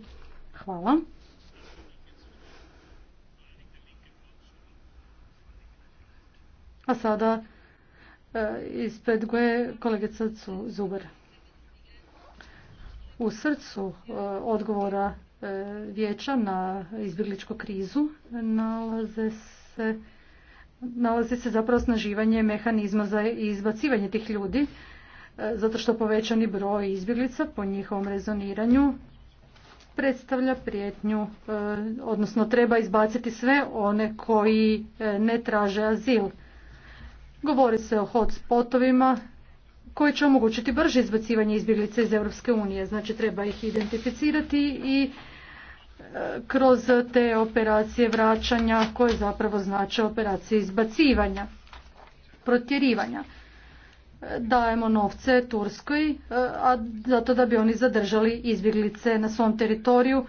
Hvala. A sada e, ispred goje kolegica Zuber. U srcu e, odgovora E, vijeća na izbjegličku krizu nalaze se nalazi se zapravo snaživanje mehanizma za izbacivanje tih ljudi, e, zato što povećani broj izbjeglica po njihovom rezoniranju predstavlja prijetnju, e, odnosno treba izbaciti sve one koji ne traže azil. Govori se o hotspotovima koji će omogućiti brže izbacivanje izbjeglica iz Europske unije. Znači treba ih identificirati i kroz te operacije vraćanja koje zapravo znače operacije izbacivanja, protjerivanja. Dajemo novce Turskoj e, a zato da bi oni zadržali izbjeglice na svom teritoriju,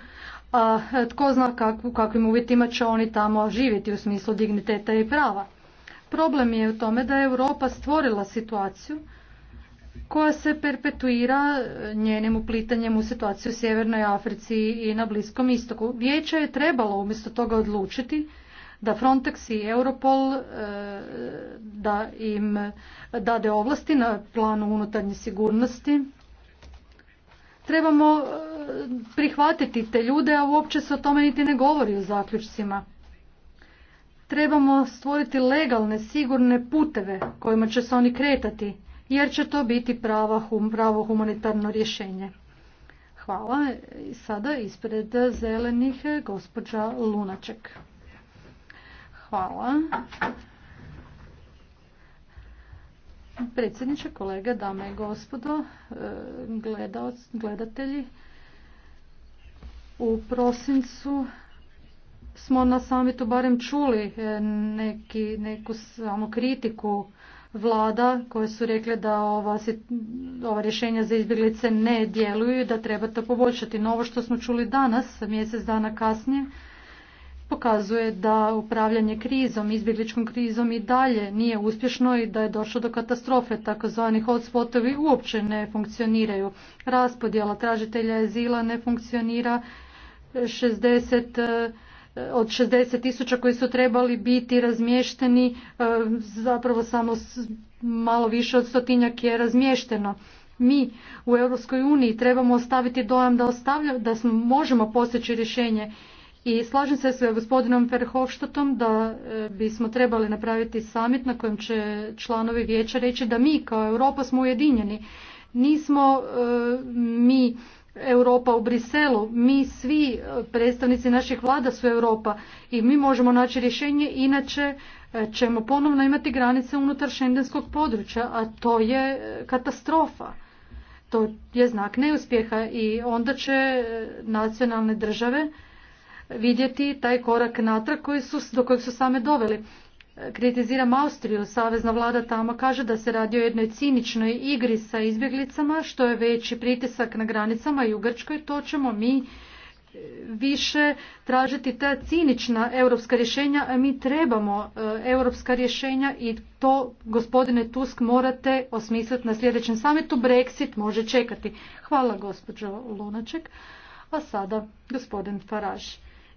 a tko zna u kakvim uvjetima će oni tamo živjeti u smislu digniteta i prava. Problem je u tome da je Europa stvorila situaciju koja se perpetuira eh, njenim uplitanjem u situaciju u Sjevernoj Africi i na Bliskom istoku. Vijeće je trebalo umjesto toga odlučiti da Frontex i Europol eh, da im dade ovlasti na planu unutarnje sigurnosti. Trebamo eh, prihvatiti te ljude, a uopće se o tome niti ne govori u zaključcima. Trebamo stvoriti legalne, sigurne puteve kojima će se oni kretati jer će to biti prava, pravo humanitarno rješenje. Hvala. Sada ispred zelenih gospođa Lunaček. Hvala. Predsjedniče, kolege, dame i gospodo, e, gledatelji, u prosincu smo na samitu barem čuli e, neki, neku kritiku vlada koje su rekle da ova, ova rješenja za izbjeglice ne djeluju i da treba to poboljšati. No ovo što smo čuli danas, mjesec dana kasnije, pokazuje da upravljanje krizom, izbjegličkom krizom i dalje nije uspješno i da je došlo do katastrofe. Takozvani hotspotovi uopće ne funkcioniraju. Raspodjela tražitelja azila ne funkcionira. 60 od 60 tisuća koji su trebali biti razmješteni, e, zapravo samo malo više od stotinjak je razmješteno. Mi u Europskoj uniji trebamo ostaviti dojam da, ostavlja, da možemo postići rješenje i slažem se s gospodinom Perhofštatom da e, bismo trebali napraviti summit na kojem će članovi vijeća reći da mi kao Europa smo ujedinjeni. Nismo e, mi Europa u Briselu. Mi svi e, predstavnici naših vlada su Europa i mi možemo naći rješenje, inače e, ćemo ponovno imati granice unutar šendenskog područja, a to je e, katastrofa. To je znak neuspjeha i onda će nacionalne države vidjeti taj korak natrag koji su, do kojeg su same doveli kritiziram Austriju. Savezna vlada tamo kaže da se radi o jednoj ciničnoj igri sa izbjeglicama, što je veći pritisak na granicama i u Grčkoj. To ćemo mi e, više tražiti ta cinična europska rješenja, a mi trebamo e, europska rješenja i to, gospodine Tusk, morate osmisliti na sljedećem samitu. Brexit može čekati. Hvala, gospođo Lunaček. A sada, gospodin Faraž,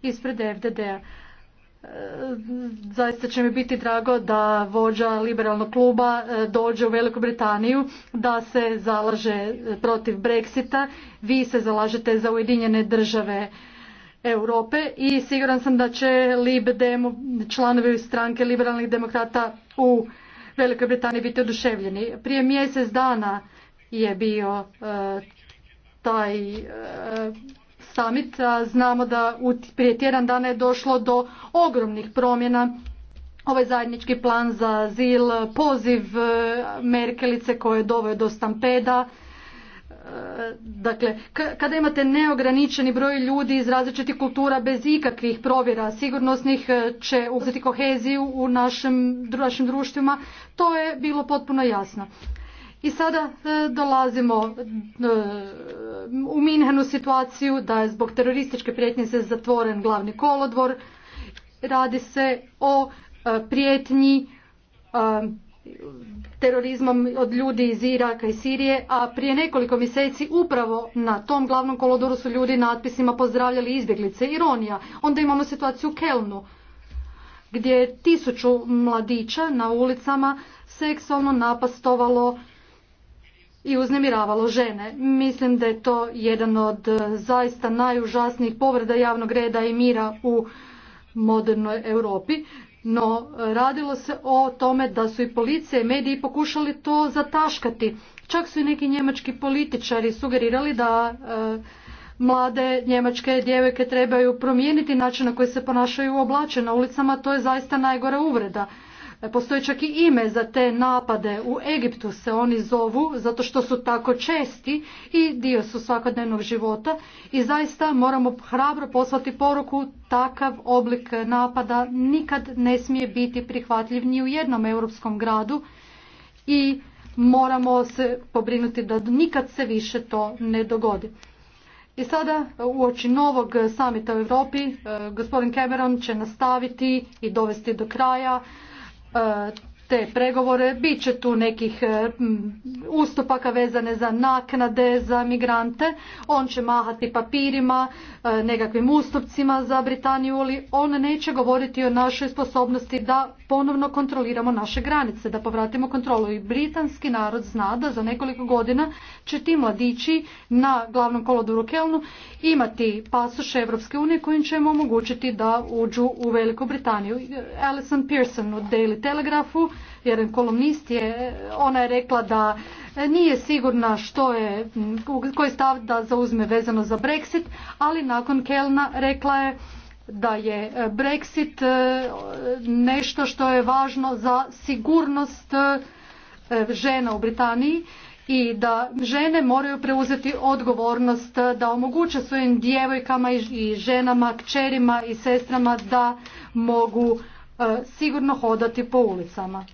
ispred FDD-a. E, zaista će mi biti drago da vođa liberalnog kluba e, dođe u Veliku Britaniju, da se zalaže e, protiv Brexita. Vi se zalažete za Ujedinjene države Europe i siguran sam da će Lib članovi stranke liberalnih demokrata u Velikoj Britaniji biti oduševljeni. Prije mjesec dana je bio taj summit. Znamo da prije tjedan dana je došlo do ogromnih promjena. Ovaj zajednički plan za azil, poziv e, Merkelice koje je doveo do stampeda, e, dakle, kada imate neograničeni broj ljudi iz različitih kultura bez ikakvih provjera sigurnosnih e, će uzeti koheziju u našim, našim društvima, to je bilo potpuno jasno. I sada e, dolazimo e, u Minhenu situaciju da je zbog terorističke prijetnje se zatvoren glavni kolodvor. Radi se o e, prijetnji terorizmom od ljudi iz Iraka i Sirije, a prije nekoliko mjeseci upravo na tom glavnom kolodoru su ljudi natpisima pozdravljali izbjeglice. Ironija. Onda imamo situaciju u Kelnu, gdje tisuću mladića na ulicama seksualno napastovalo i uznemiravalo žene. Mislim da je to jedan od e, zaista najužasnijih povreda javnog reda i mira u modernoj Europi. No, e, radilo se o tome da su i policije i mediji pokušali to zataškati. Čak su i neki njemački političari sugerirali da e, mlade njemačke djevojke trebaju promijeniti način na koji se ponašaju u oblače na ulicama. To je zaista najgora uvreda. Postoji čak i ime za te napade. U Egiptu se oni zovu zato što su tako česti i dio su svakodnevnog života i zaista moramo hrabro poslati poruku takav oblik napada nikad ne smije biti prihvatljiv ni u jednom europskom gradu i moramo se pobrinuti da nikad se više to ne dogodi. I sada u oči novog samita u Europi eh, gospodin Cameron će nastaviti i dovesti do kraja e te pregovore. Biće tu nekih e, ustupaka vezane za naknade za migrante. On će mahati papirima, e, nekakvim ustupcima za Britaniju, ali on neće govoriti o našoj sposobnosti da ponovno kontroliramo naše granice, da povratimo kontrolu. I britanski narod zna da za nekoliko godina će ti mladići na glavnom kolodu Kelnu imati pasoše Europske unije kojim ćemo omogućiti da uđu u Veliku Britaniju. Alison Pearson od Daily Telegraphu jedan kolumnist je, ona je rekla da nije sigurna što je, koji stav da zauzme vezano za Brexit, ali nakon Kelna rekla je da je Brexit e, nešto što je važno za sigurnost e, žena u Britaniji i da žene moraju preuzeti odgovornost da omoguće svojim djevojkama i ženama, kćerima i sestrama da mogu E, sigurno hodati po ulicama.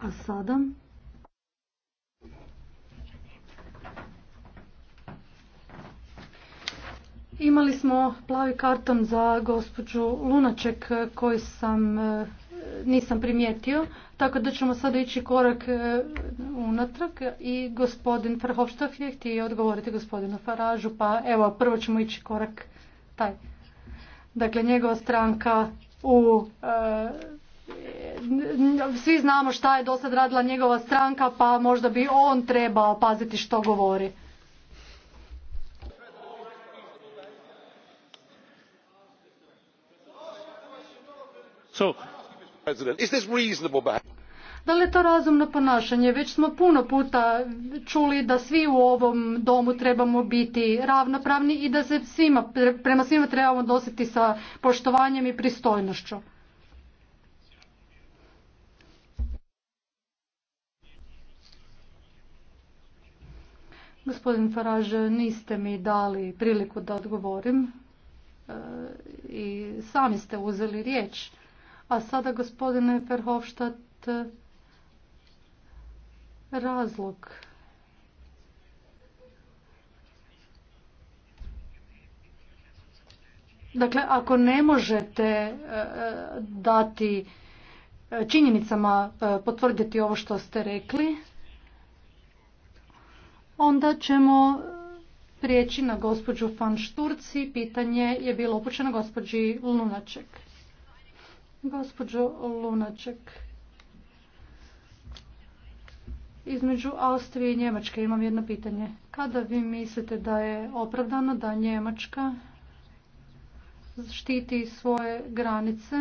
A sada... Imali smo plavi karton za gospođu Lunaček koji sam e, nisam primijetio, tako da ćemo sada ići korak e, unatrag i gospodin Verhofstadt je htio odgovoriti gospodinu Faražu, pa evo prvo ćemo ići korak taj. Dakle, njegova stranka u e, svi znamo šta je do sad radila njegova stranka, pa možda bi on trebao paziti što govori. So, da li je to razumno ponašanje? Već smo puno puta čuli da svi u ovom domu trebamo biti ravnopravni i da se svima, prema svima trebamo odnositi sa poštovanjem i pristojnošću. Gospodin Farage, niste mi dali priliku da odgovorim e, i sami ste uzeli riječ. A sada, gospodine Verhofstadt, razlog. Dakle, ako ne možete e, dati e, činjenicama e, potvrditi ovo što ste rekli, onda ćemo prijeći na gospođu Fan Šturci. Pitanje je bilo upućeno gospođi Lunaček. Gospođo Lunaček, između Austrije i Njemačke imam jedno pitanje. Kada vi mislite da je opravdano da Njemačka štiti svoje granice?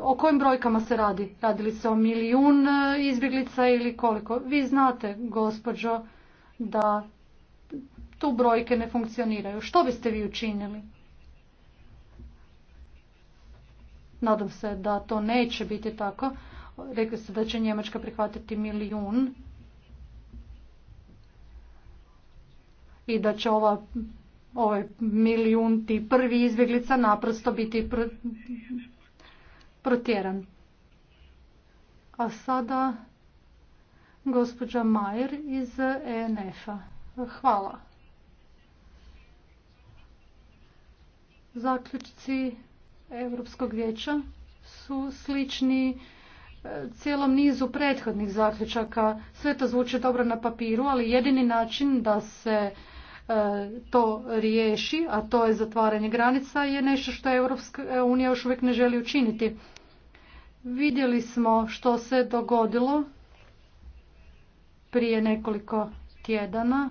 O kojim brojkama se radi? Radili se o milijun izbjeglica ili koliko? Vi znate, gospođo, da tu brojke ne funkcioniraju. Što biste vi učinili? Nadam se da to neće biti tako. Rekli ste da će Njemačka prihvatiti milijun i da će ova ovaj milijun ti prvi izbjeglica naprosto biti pr protjeran. A sada gospođa Majer iz ENF-a. Hvala. Zaključci Europskog vijeća su slični e, cijelom nizu prethodnih zaključaka. Sve to zvuči dobro na papiru, ali jedini način da se e, to riješi, a to je zatvaranje granica, je nešto što Europska e, unija još uvijek ne želi učiniti. Vidjeli smo što se dogodilo prije nekoliko tjedana,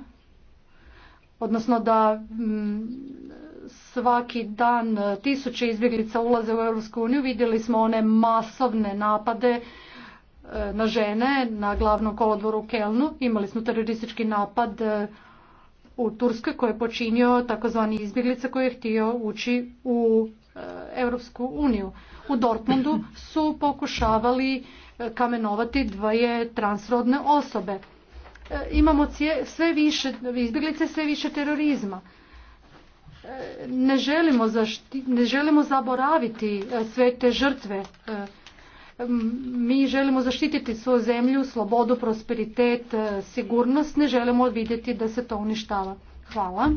odnosno da svaki dan e, tisuće izbjeglica ulaze u EU. Vidjeli smo one masovne napade e, na žene na glavnom kolodvoru Kelnu. Imali smo teroristički napad e, u Turskoj koji je počinio takozvani izbjeglica koji je htio ući u Europsku uniju. U Dortmundu su pokušavali kamenovati dvoje transrodne osobe. Imamo sve više izbjeglice, sve više terorizma ne želimo, ne želimo zaboraviti e, sve te žrtve. E, mi želimo zaštititi svoju zemlju, slobodu, prosperitet, e, sigurnost. Ne želimo vidjeti da se to uništava. Hvala.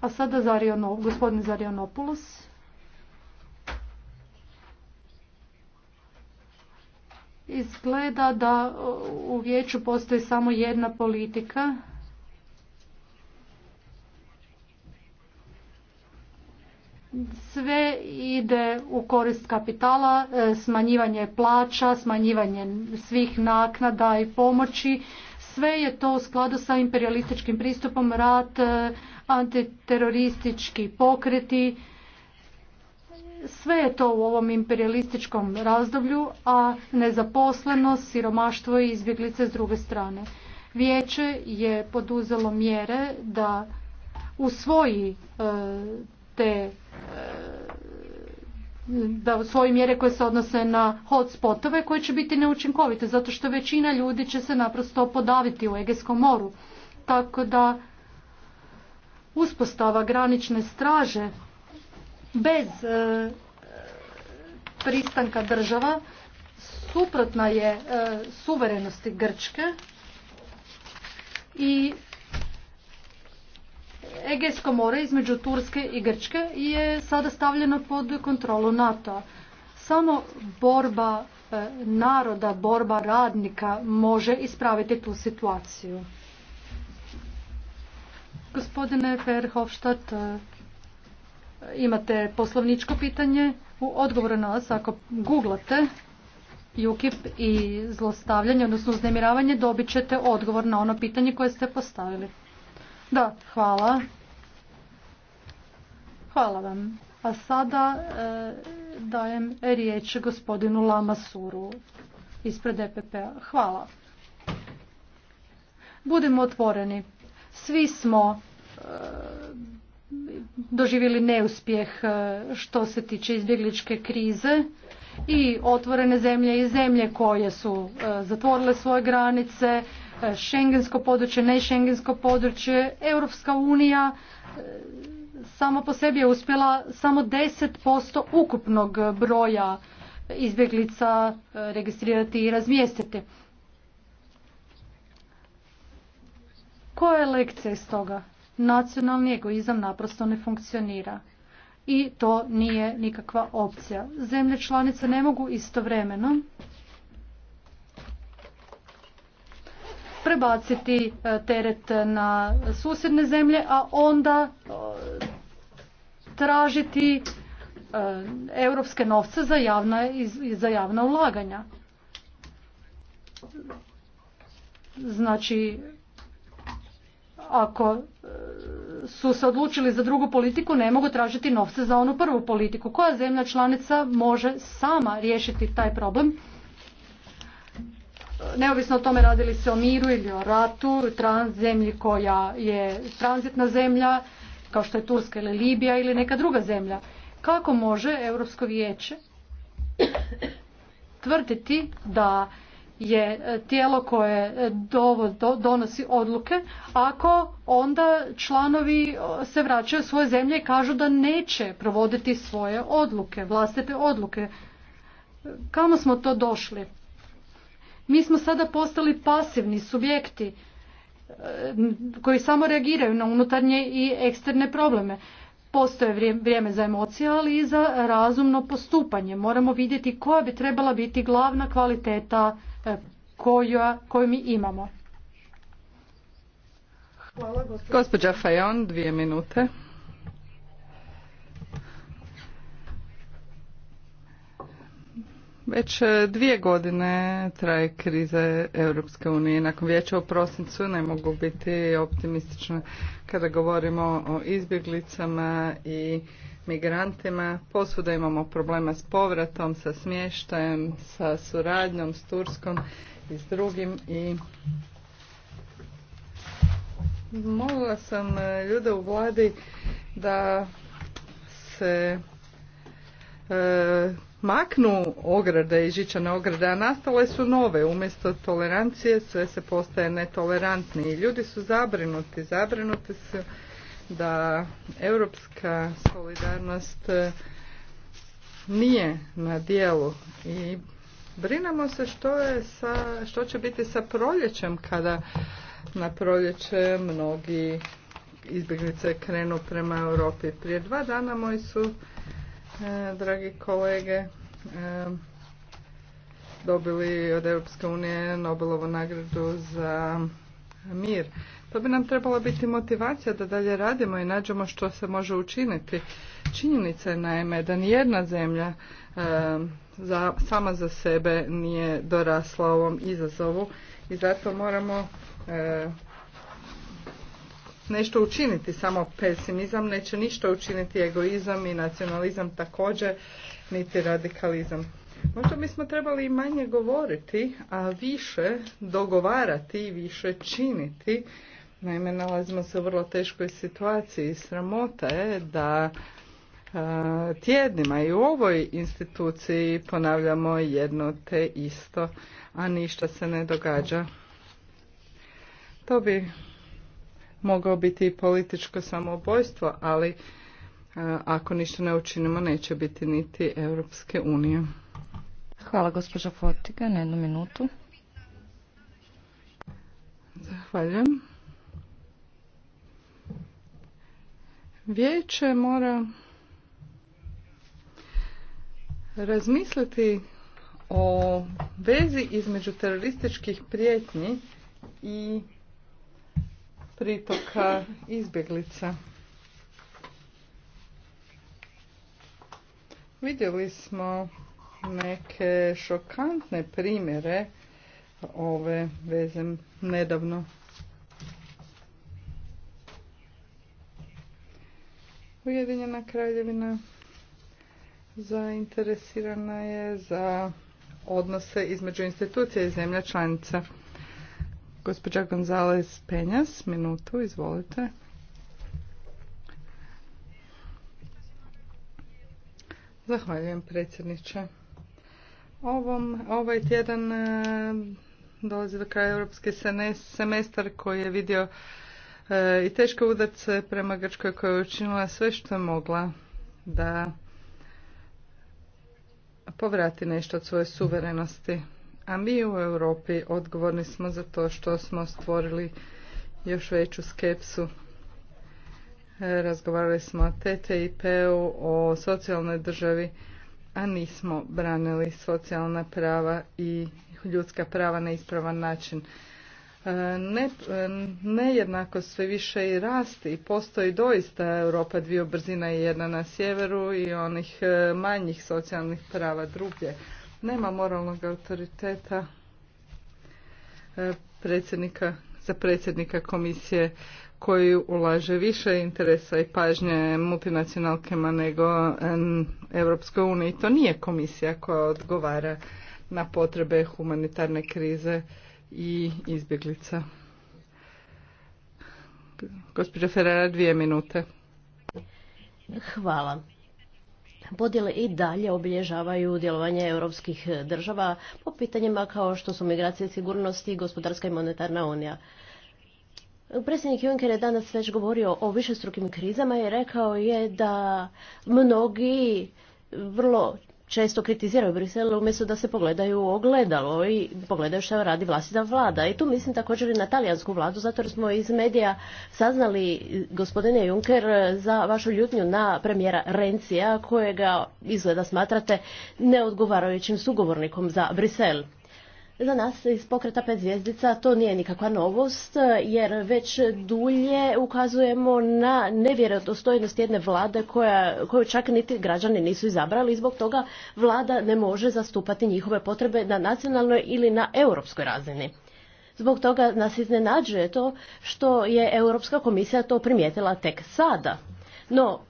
A sada Zarionov, gospodin Zarionopoulos. Izgleda da u vijeću postoji samo jedna politika sve ide u korist kapitala, e, smanjivanje plaća, smanjivanje svih naknada i pomoći. Sve je to u skladu sa imperialističkim pristupom, rat, e, antiteroristički pokreti. Sve je to u ovom imperialističkom razdoblju, a nezaposlenost, siromaštvo i izbjeglice s druge strane. Vijeće je poduzelo mjere da usvoji e, te e, da svoje mjere koje se odnose na hot spotove koje će biti neučinkovite zato što većina ljudi će se naprosto podaviti u Egeskom moru. Tako da uspostava granične straže bez e, pristanka država suprotna je e, suverenosti Grčke i Egejsko more između Turske i Grčke je sada stavljeno pod kontrolu NATO-a. Samo borba e, naroda, borba radnika može ispraviti tu situaciju. Gospodine Ferhofstadt, e, imate poslovničko pitanje. U odgovoru na vas, ako googlate UKIP i zlostavljanje, odnosno uznemiravanje, dobit ćete odgovor na ono pitanje koje ste postavili. Da, hvala. Hvala vam. A sada eh, dajem riječ gospodinu Suru ispred EPP-a. Hvala. Budimo otvoreni. Svi smo eh, doživjeli neuspjeh eh, što se tiče izbjegličke krize i otvorene zemlje i zemlje koje su zatvorile svoje granice, šengensko područje, ne šengensko područje. Europska unija e, samo po sebi je uspjela samo 10% ukupnog broja izbjeglica e, registrirati i razmjestiti. Koja je lekcija iz toga? Nacionalni egoizam naprosto ne funkcionira i to nije nikakva opcija. Zemlje članice ne mogu istovremeno prebaciti e, teret na susjedne zemlje, a onda e, tražiti e, europske novce za javna, za javna ulaganja. Znači, ako su se odlučili za drugu politiku, ne mogu tražiti novce za onu prvu politiku. Koja zemlja članica može sama riješiti taj problem? neovisno o tome radili se o miru ili o ratu, trans zemlji koja je tranzitna zemlja, kao što je Turska ili Libija ili neka druga zemlja. Kako može Europsko vijeće tvrditi da je tijelo koje donosi odluke ako onda članovi se vraćaju u svoje zemlje i kažu da neće provoditi svoje odluke, vlastite odluke. Kamo smo to došli? Mi smo sada postali pasivni subjekti e, koji samo reagiraju na unutarnje i eksterne probleme. Postoje vrijeme za emocije, ali i za razumno postupanje. Moramo vidjeti koja bi trebala biti glavna kvaliteta e, koju mi imamo. Hvala, gospođa Fajon, dvije minute. Već e, dvije godine traje krize Europske unije. Nakon vijeća u prosincu ne mogu biti optimistična kada govorimo o izbjeglicama i migrantima. Posvuda imamo problema s povratom, sa smještajem, sa suradnjom s Turskom i s drugim i molila sam e, ljude u vladi da se e, maknu ograde i žičane ograde, a nastale su nove. Umjesto tolerancije sve se postaje netolerantni. Ljudi su zabrinuti. Zabrinuti su da europska solidarnost e, nije na dijelu i brinemo se što, je sa, što će biti sa proljećem kada na proljeće mnogi izbjeglice krenu prema Europi. Prije dva dana moji su E, dragi kolege, e, dobili od Europske unije Nobelovu nagradu za mir. To bi nam trebala biti motivacija da dalje radimo i nađemo što se može učiniti. Činjenica je naime da nijedna zemlja e, sama za sebe nije dorasla ovom izazovu i zato moramo nešto učiniti, samo pesimizam neće ništa učiniti, egoizam i nacionalizam također, niti radikalizam. Možda bismo trebali manje govoriti, a više dogovarati i više činiti. Naime, nalazimo se u vrlo teškoj situaciji. Sramota je da tjednima i u ovoj instituciji ponavljamo jedno te isto, a ništa se ne događa. To bi mogao biti i političko samobojstvo, ali e, ako ništa ne učinimo neće biti niti Europske unije. Hvala gospođa Fotiga na jednu minutu. Zahvaljujem. Vijeće mora razmisliti o vezi između terorističkih prijetnji i pritoka izbjeglica. Vidjeli smo neke šokantne primjere ove vezem nedavno. Ujedinjena kraljevina zainteresirana je za odnose između institucija i zemlja članica. Gospođa Gonzalez Penjas, minutu, izvolite. Zahvaljujem predsjedniče. Ovom, ovaj tjedan e, dolazi do kraja europski semestar koji je vidio e, i teške udarce prema Grčkoj koja je učinila sve što je mogla da povrati nešto od svoje suverenosti. A mi u Europi odgovorni smo za to što smo stvorili još veću skepsu. E, razgovarali smo o TTIP-u, o socijalnoj državi, a nismo branili socijalna prava i ljudska prava na ispravan način. E, ne, e, nejednako sve više i rasti. i postoji doista Europa dviju brzina, jedna na sjeveru i onih manjih socijalnih prava drugdje nema moralnog autoriteta e, predsjednika, za predsjednika komisije koji ulaže više interesa i pažnje multinacionalkama nego Europskoj uniji. To nije komisija koja odgovara na potrebe humanitarne krize i izbjeglica. Gospođa Ferrara, dvije minute. Hvala podjele i dalje obilježavaju djelovanje europskih država po pitanjima kao što su migracije, sigurnosti i gospodarska i monetarna unija. Predsjednik Juncker je danas već govorio o višestrukim krizama i rekao je da mnogi vrlo često kritiziraju Brisel umjesto da se pogledaju u ogledalo i pogledaju što radi vlastita vlada. I tu mislim također i na talijansku vladu, zato jer smo iz medija saznali gospodine Juncker za vašu ljutnju na premijera Rencija, kojega izgleda smatrate neodgovarajućim sugovornikom za Brisel. Za nas iz pokreta pet zvijezdica to nije nikakva novost, jer već dulje ukazujemo na nevjerodostojnost jedne vlade koju čak niti građani nisu izabrali i zbog toga vlada ne može zastupati njihove potrebe na nacionalnoj ili na europskoj razini. Zbog toga nas iznenađuje to što je Europska komisija to primijetila tek sada. No,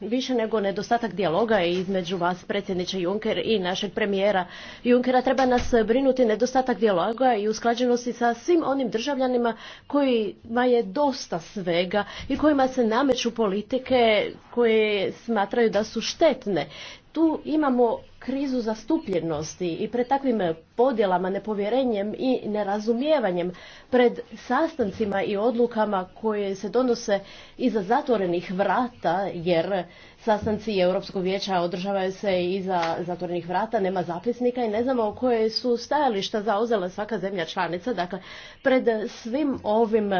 više nego nedostatak dijaloga između vas predsjedniče Juncker i našeg premijera Junckera treba nas brinuti nedostatak dijaloga i usklađenosti sa svim onim državljanima kojima je dosta svega i kojima se nameću politike koje smatraju da su štetne. Tu imamo krizu zastupljenosti i pred takvim podjelama, nepovjerenjem i nerazumijevanjem, pred sastancima i odlukama koje se donose iza zatvorenih vrata, jer sastanci Europskog vijeća održavaju se iza zatvorenih vrata, nema zapisnika i ne znamo koje su stajališta zauzela svaka zemlja članica. Dakle, pred svim ovim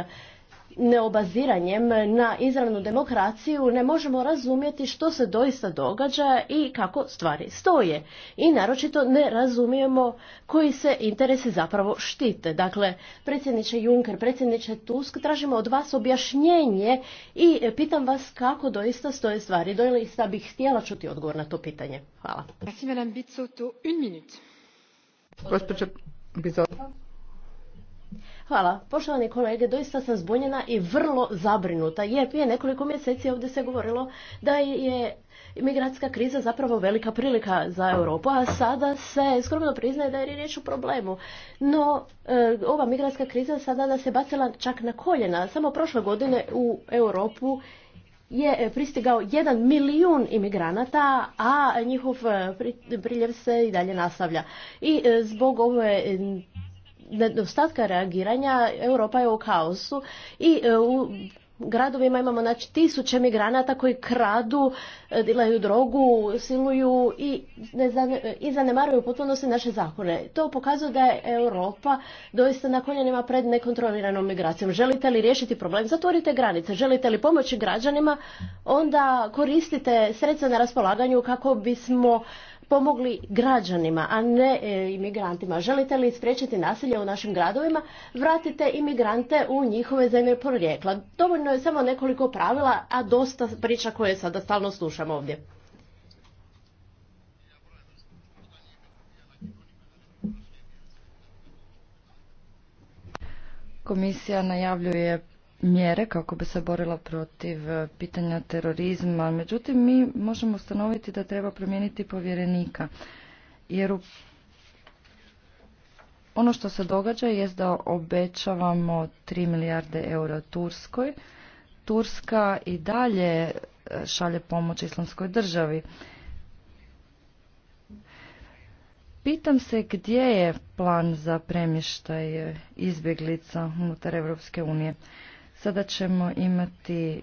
neobaziranjem na izravnu demokraciju ne možemo razumjeti što se doista događa i kako stvari stoje. I naročito ne razumijemo koji se interesi zapravo štite. Dakle, predsjedniče Juncker, predsjedniče Tusk, tražimo od vas objašnjenje i pitam vas kako doista stoje stvari. Doista bih htjela čuti odgovor na to pitanje. Hvala. Merci, Hvala. Poštovani kolege, doista sam zbunjena i vrlo zabrinuta, jer prije nekoliko mjeseci ovdje se govorilo da je imigracijska kriza zapravo velika prilika za Europu, a sada se skromno priznaje da je riječ o problemu. No, e, ova migracijska kriza sada da se bacila čak na koljena. Samo prošle godine u Europu je pristigao jedan milijun imigranata, a njihov priljev se i dalje nastavlja. I e, zbog ove nedostatka reagiranja Europa je u kaosu i e, u gradovima imamo znači tisuće migranata koji kradu, e, dilaju drogu, siluju i, ne e, i zanemaruju potpunosti naše zakone. To pokazuje da je Europa doista na koljenima pred nekontroliranom migracijom. Želite li riješiti problem? Zatvorite granice. Želite li pomoći građanima? Onda koristite sredstva na raspolaganju kako bismo pomogli građanima, a ne e, imigrantima. Želite li spriječiti nasilje u našim gradovima? Vratite imigrante u njihove zemlje porijekla. Dovoljno je samo nekoliko pravila, a dosta priča koje sada stalno slušamo ovdje. Komisija najavljuje mjere kako bi se borila protiv e, pitanja terorizma. Međutim, mi možemo ustanoviti da treba promijeniti povjerenika. Jer ono što se događa je da obećavamo 3 milijarde eura Turskoj. Turska i dalje e, šalje pomoć islamskoj državi. Pitam se gdje je plan za premještaj e, izbjeglica unutar Europske unije. Sada ćemo imati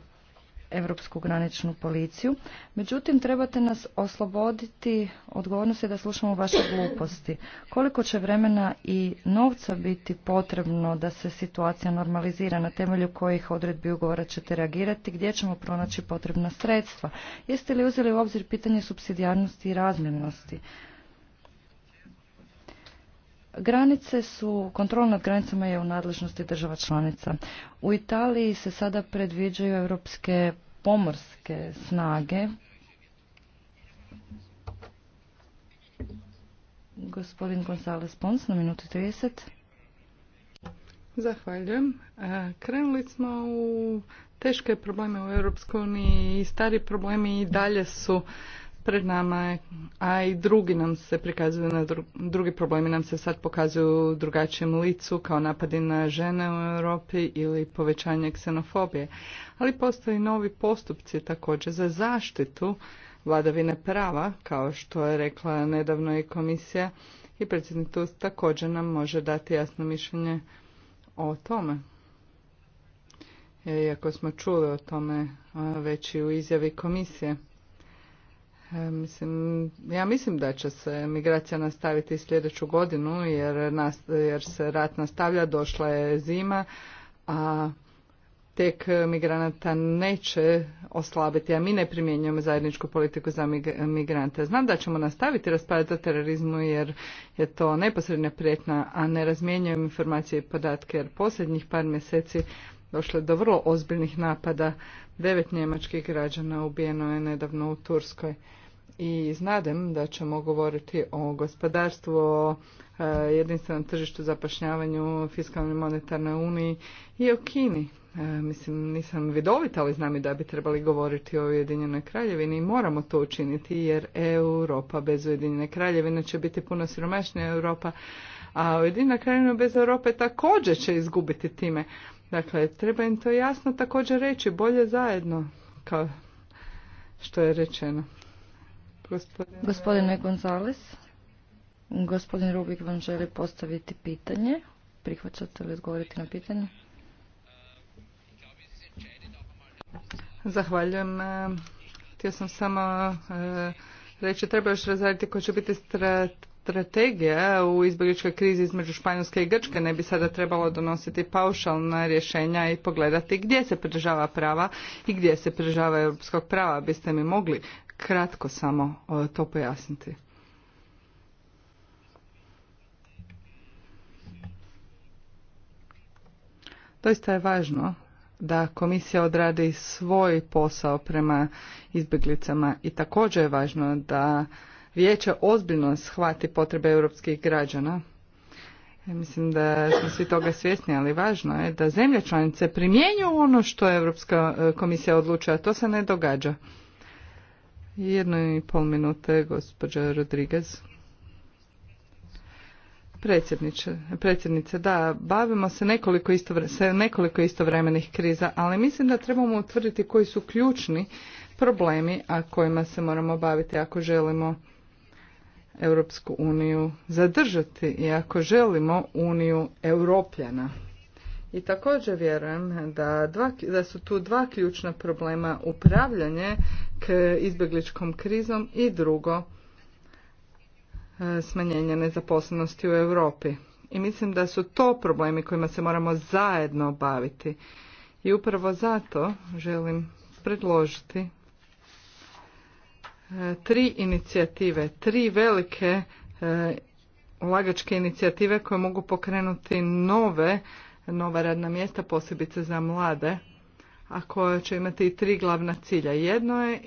Europsku graničnu policiju. Međutim, trebate nas osloboditi odgovornosti da slušamo vaše gluposti. Koliko će vremena i novca biti potrebno da se situacija normalizira na temelju kojih odredbi ugovora ćete reagirati, gdje ćemo pronaći potrebna sredstva? Jeste li uzeli u obzir pitanje subsidijarnosti i razmjernosti? Granice su, kontrol nad granicama je u nadležnosti država članica. U Italiji se sada predviđaju europske pomorske snage. Gospodin Gonzales Pons na minutu 30. Zahvaljujem. E, krenuli smo u teške probleme u Europskoj i stari problemi i dalje su pred nama a i drugi nam se prikazuju, na drugi problemi nam se sad pokazuju u drugačijem licu kao napadi na žene u Europi ili povećanje ksenofobije. Ali postoji novi postupci također za zaštitu vladavine prava, kao što je rekla nedavno i komisija i predsjednik tu također nam može dati jasno mišljenje o tome. E, iako smo čuli o tome već i u izjavi komisije. E, mislim, ja mislim da će se migracija nastaviti sljedeću godinu jer, jer se rat nastavlja, došla je zima, a tek migranata neće oslabiti, a mi ne primjenjujemo zajedničku politiku za migrante. Znam da ćemo nastaviti raspravljati o terorizmu jer je to neposredna prijetna, a ne razmjenjujem informacije i podatke jer posljednjih par mjeseci došlo do vrlo ozbiljnih napada. Devet njemačkih građana ubijeno je nedavno u Turskoj. I znadem da ćemo govoriti o gospodarstvu, o e, jedinstvenom tržištu zapošljavanju, fiskalnoj monetarnoj uniji i o Kini. E, mislim, nisam vidovita, ali znam i da bi trebali govoriti o Ujedinjenoj kraljevini i moramo to učiniti jer Europa bez Ujedinjene kraljevine će biti puno siromašnija Europa, a Ujedinjena kraljevina bez Europe također će izgubiti time. Dakle, treba im to jasno također reći, bolje zajedno, kao što je rečeno. Gospodine, Gospodine Gonzales, gospodin Rubik vam želi postaviti pitanje. Prihvaćate li odgovoriti na pitanje? Zahvaljujem. E, htio sam samo e, reći, treba još razraditi koji će biti strat strategija u izbjegličkoj krizi između Španjolske i Grčke ne bi sada trebalo donositi paušalna rješenja i pogledati gdje se pridržava prava i gdje se pridržava europskog prava. Biste mi mogli kratko samo to pojasniti. Doista je važno da komisija odradi svoj posao prema izbjeglicama i također je važno da Vijeća ozbiljno shvati potrebe europskih građana. Mislim da smo svi toga svjesni, ali važno je da zemlje članice primjenjuju ono što Europska e, komisija odlučuje, a to se ne događa. Jedno i pol minute, gospođa Rodriguez. predsjednice, da, bavimo se nekoliko, se nekoliko istovremenih kriza, ali mislim da trebamo utvrditi koji su ključni problemi a kojima se moramo baviti ako želimo Europsku uniju zadržati i ako želimo uniju europljana. I također vjerujem da, dva, da su tu dva ključna problema upravljanje k izbjegličkom krizom i drugo e, smanjenje nezaposlenosti u Europi. I mislim da su to problemi kojima se moramo zajedno baviti. I upravo zato želim predložiti tri inicijative, tri velike e, ulagačke inicijative koje mogu pokrenuti nove, nova radna mjesta, posebice za mlade, a koje će imati i tri glavna cilja. Jedno je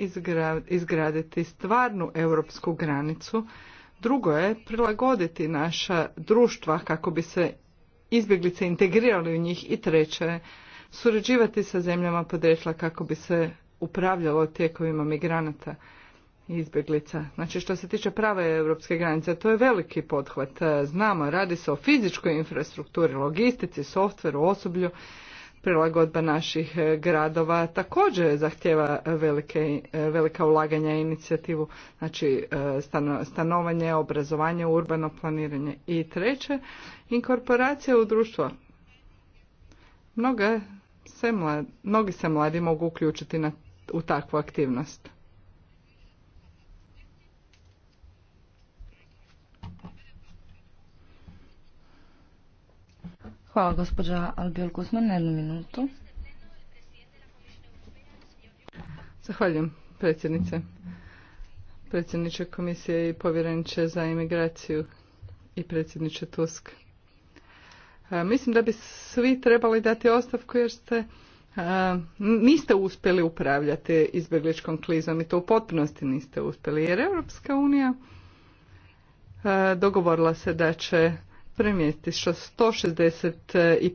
izgraditi stvarnu europsku granicu, drugo je prilagoditi naša društva kako bi se izbjeglice integrirali u njih i treće je surađivati sa zemljama podrešla kako bi se upravljalo tijekovima migranata izbjeglica. Znači što se tiče prave europske granice, to je veliki pothvat. E, znamo, radi se o fizičkoj infrastrukturi, logistici, softveru, osoblju, prilagodba naših e, gradova također zahtjeva velike, e, velika ulaganja i inicijativu, znači stanovanje, obrazovanje, urbano planiranje. I treće, inkorporacija u društvo. Mnoga se mnogi se mladi mogu uključiti na, u takvu aktivnost. Hvala gospođa Albiol Guzman na jednu minutu. Zahvaljujem predsjednice. Predsjedniče komisije i povjereniče za imigraciju i predsjedniče Tusk. E, mislim da bi svi trebali dati ostavku jer ste e, niste uspjeli upravljati izbjegličkom klizom i to u potpunosti niste uspjeli jer Europska unija e, dogovorila se da će premijesti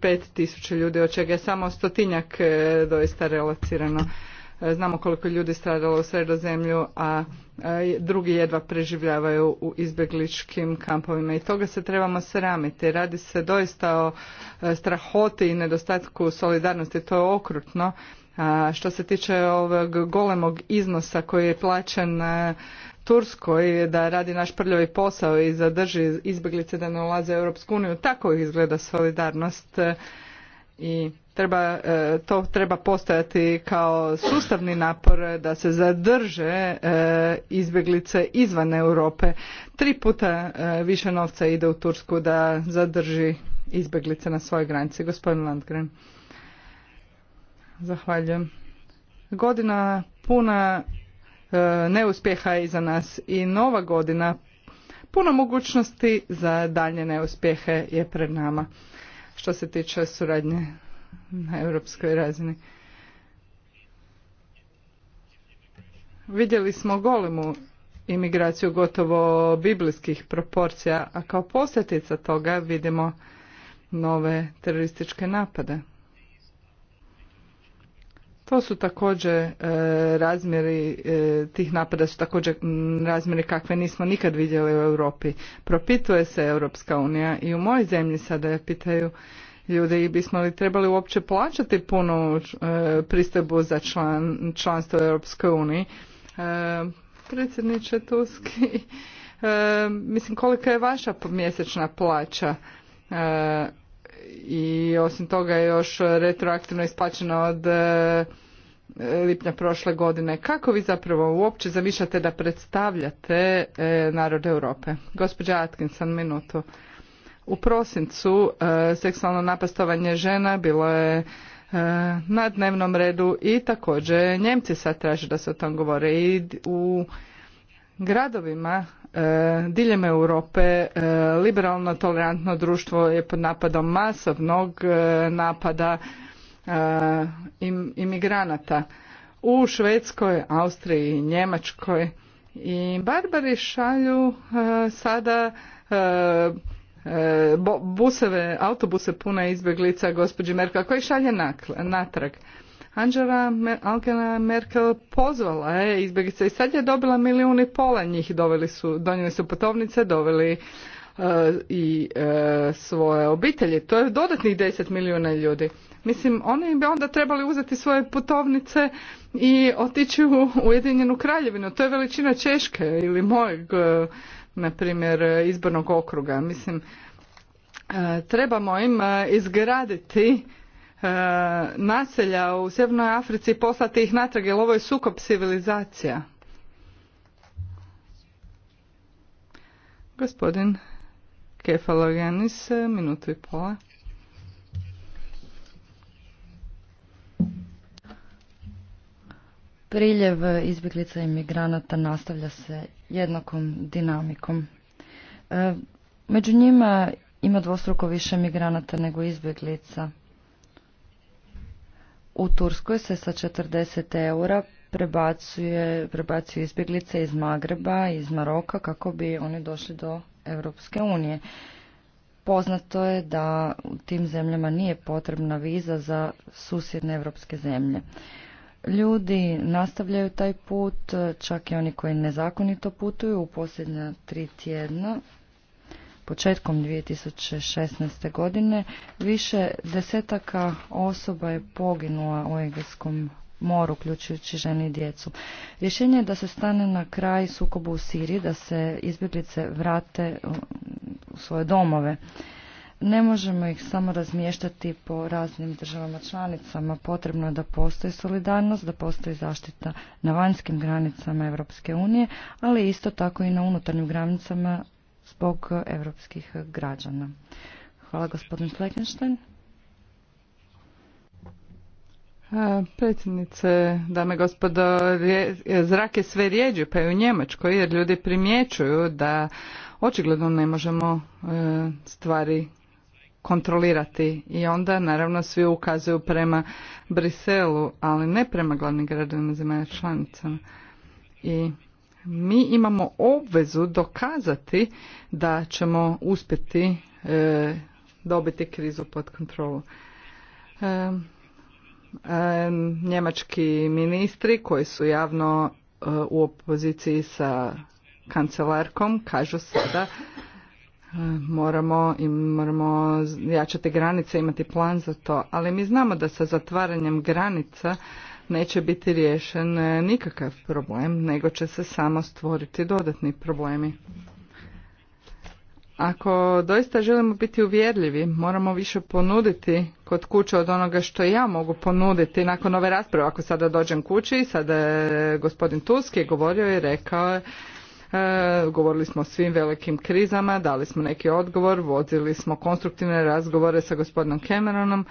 pet tisuća ljudi, od čega je samo stotinjak e, doista relacirano. E, znamo koliko ljudi stradalo u sredozemlju, a drugi jedva preživljavaju u izbjegličkim kampovima i toga se trebamo sramiti. Radi se doista o e, strahoti i nedostatku solidarnosti, to je okrutno. što se tiče ovog golemog iznosa koji je plaćen Turskoj da radi naš prljavi posao i zadrži izbjeglice da ne ulaze u Europsku uniju. Tako izgleda solidarnost e, i treba, e, to treba postojati kao sustavni napor da se zadrže e, izbjeglice izvan Europe. Tri puta više novca ide u Tursku da zadrži izbjeglice na svojoj granici. Gospodin Landgren. Zahvaljujem. Godina puna E, neuspjeha je iza nas i nova godina puno mogućnosti za dalje neuspjehe je pred nama što se tiče suradnje na europskoj razini. Vidjeli smo golemu imigraciju gotovo biblijskih proporcija, a kao posljedica toga vidimo nove terorističke napade. To su također e, razmjeri e, tih napada su također razmjeri kakve nismo nikad vidjeli u Europi. Propituje se Europska unija i u mojoj zemlji sada je pitaju ljudi bismo li trebali uopće plaćati punu e, pristojbu za članstvo u Europskoj uniji. E, predsjedniče Tuski, *laughs* mislim kolika je vaša mjesečna plaća? i osim toga je još retroaktivno isplaćeno od e, lipnja prošle godine. Kako vi zapravo uopće zamišljate da predstavljate e, narod Europe? Gospođa Atkinson, minutu. U prosincu e, seksualno napastovanje žena bilo je na dnevnom redu i također Njemci sad traže da se o tom govore i u gradovima e, diljem Europe e, liberalno tolerantno društvo je pod napadom masovnog e, napada imigranata u Švedskoj, Austriji, Njemačkoj i barbari šalju sada buseve, autobuse pune izbjeglica gospođi Merkel koji šalje natrag. Angela Merkel pozvala je izbjeglice i sad je dobila milijun i pola njih, doveli su, donijeli su putovnice, doveli e, i e, svoje obitelji. To je dodatnih deset milijuna ljudi. Mislim, oni bi onda trebali uzeti svoje putovnice i otići u Ujedinjenu kraljevinu. To je veličina Češke ili mojeg, e, na primjer, izbornog okruga. Mislim, trebamo im izgraditi E, naselja u Sjevernoj Africi i poslati ih natrag, jer ovo je sukob civilizacija. Gospodin Kefalogenis, minutu i pola. Priljev izbjeglica i migranata nastavlja se jednakom dinamikom. E, među njima ima dvostruko više migranata nego izbjeglica. U Turskoj se sa 40 eura prebacuje, prebacuju izbjeglice iz Magreba, iz Maroka kako bi oni došli do Europske unije. Poznato je da u tim zemljama nije potrebna viza za susjedne europske zemlje. Ljudi nastavljaju taj put, čak i oni koji nezakonito putuju u posljednja tri tjedna početkom 2016. godine više desetaka osoba je poginula u Egeskom moru, uključujući žene i djecu. Rješenje je da se stane na kraj sukobu u Siriji, da se izbjeglice vrate u svoje domove. Ne možemo ih samo razmještati po raznim državama članicama. Potrebno je da postoji solidarnost, da postoji zaštita na vanjskim granicama Europske unije, ali isto tako i na unutarnjim granicama zbog europskih građana. Hvala gospodin Fleckenstein. Predsjednice, dame i gospodo, zrak je sve rijeđi pa i u Njemačkoj jer ljudi primjećuju da očigledno ne možemo e, stvari kontrolirati i onda naravno svi ukazuju prema Briselu, ali ne prema glavnim gradovima zemalja članica. I mi imamo obvezu dokazati da ćemo uspjeti e, dobiti krizu pod kontrolu. E, e, njemački ministri koji su javno e, u opoziciji sa kancelarkom kažu sada moramo i moramo jačati granice, imati plan za to, ali mi znamo da sa zatvaranjem granica neće biti riješen e, nikakav problem, nego će se samo stvoriti dodatni problemi. Ako doista želimo biti uvjerljivi, moramo više ponuditi kod kuće od onoga što ja mogu ponuditi nakon ove rasprave. Ako sada dođem kući sada je gospodin Tusk je govorio i rekao je e, govorili smo o svim velikim krizama, dali smo neki odgovor, vodili smo konstruktivne razgovore sa gospodinom Cameronom,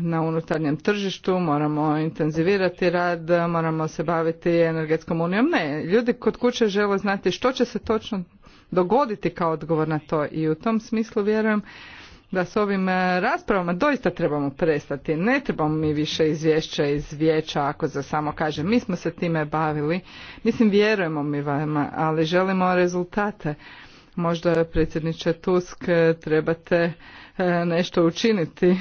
na unutarnjem tržištu, moramo intenzivirati rad, moramo se baviti energetskom unijom. Ne, ljudi kod kuće žele znati što će se točno dogoditi kao odgovor na to i u tom smislu vjerujem da s ovim e, raspravama doista trebamo prestati. Ne trebamo mi više izvješća iz vijeća ako za samo kažem mi smo se time bavili. Mislim vjerujemo mi vama, ali želimo rezultate. Možda predsjedniče Tusk e, trebate E, nešto učiniti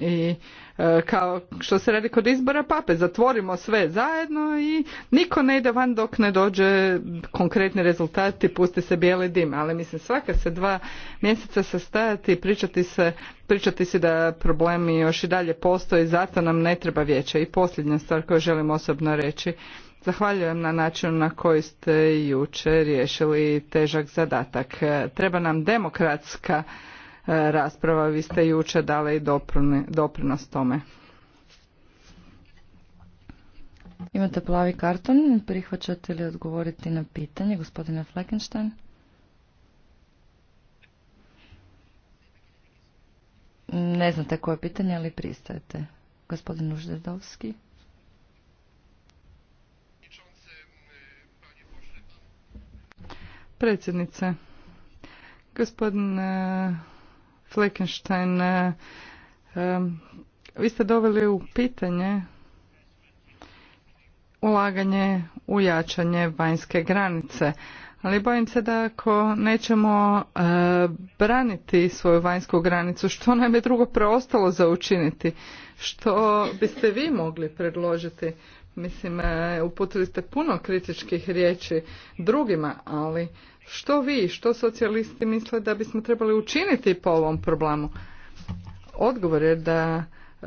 i e, kao što se radi kod izbora pape, zatvorimo sve zajedno i niko ne ide van dok ne dođe konkretni rezultati, pusti se bijeli dim. Ali mislim svaka se dva mjeseca sastajati i pričati se pričati se da problemi još i dalje postoje, zato nam ne treba vijeće. I posljednja stvar koju želim osobno reći, Zahvaljujem na način na koji ste jučer riješili težak zadatak. Treba nam demokratska E, rasprava. Vi ste jučer dali i doprinos tome. Imate plavi karton. Prihvaćate li odgovoriti na pitanje gospodina Fleckenstein? Ne znate koje pitanje, ali pristajete. Gospodin Uždedovski. Predsjednice, gospodin Fleckenstein, e, e, vi ste doveli u pitanje ulaganje u jačanje vanjske granice. Ali bojim se da ako nećemo e, braniti svoju vanjsku granicu, što nam je drugo preostalo za učiniti? Što biste vi mogli predložiti? Mislim, uputili ste puno kritičkih riječi drugima, ali što vi, što socijalisti misle da bismo trebali učiniti po ovom problemu? Odgovor je da e,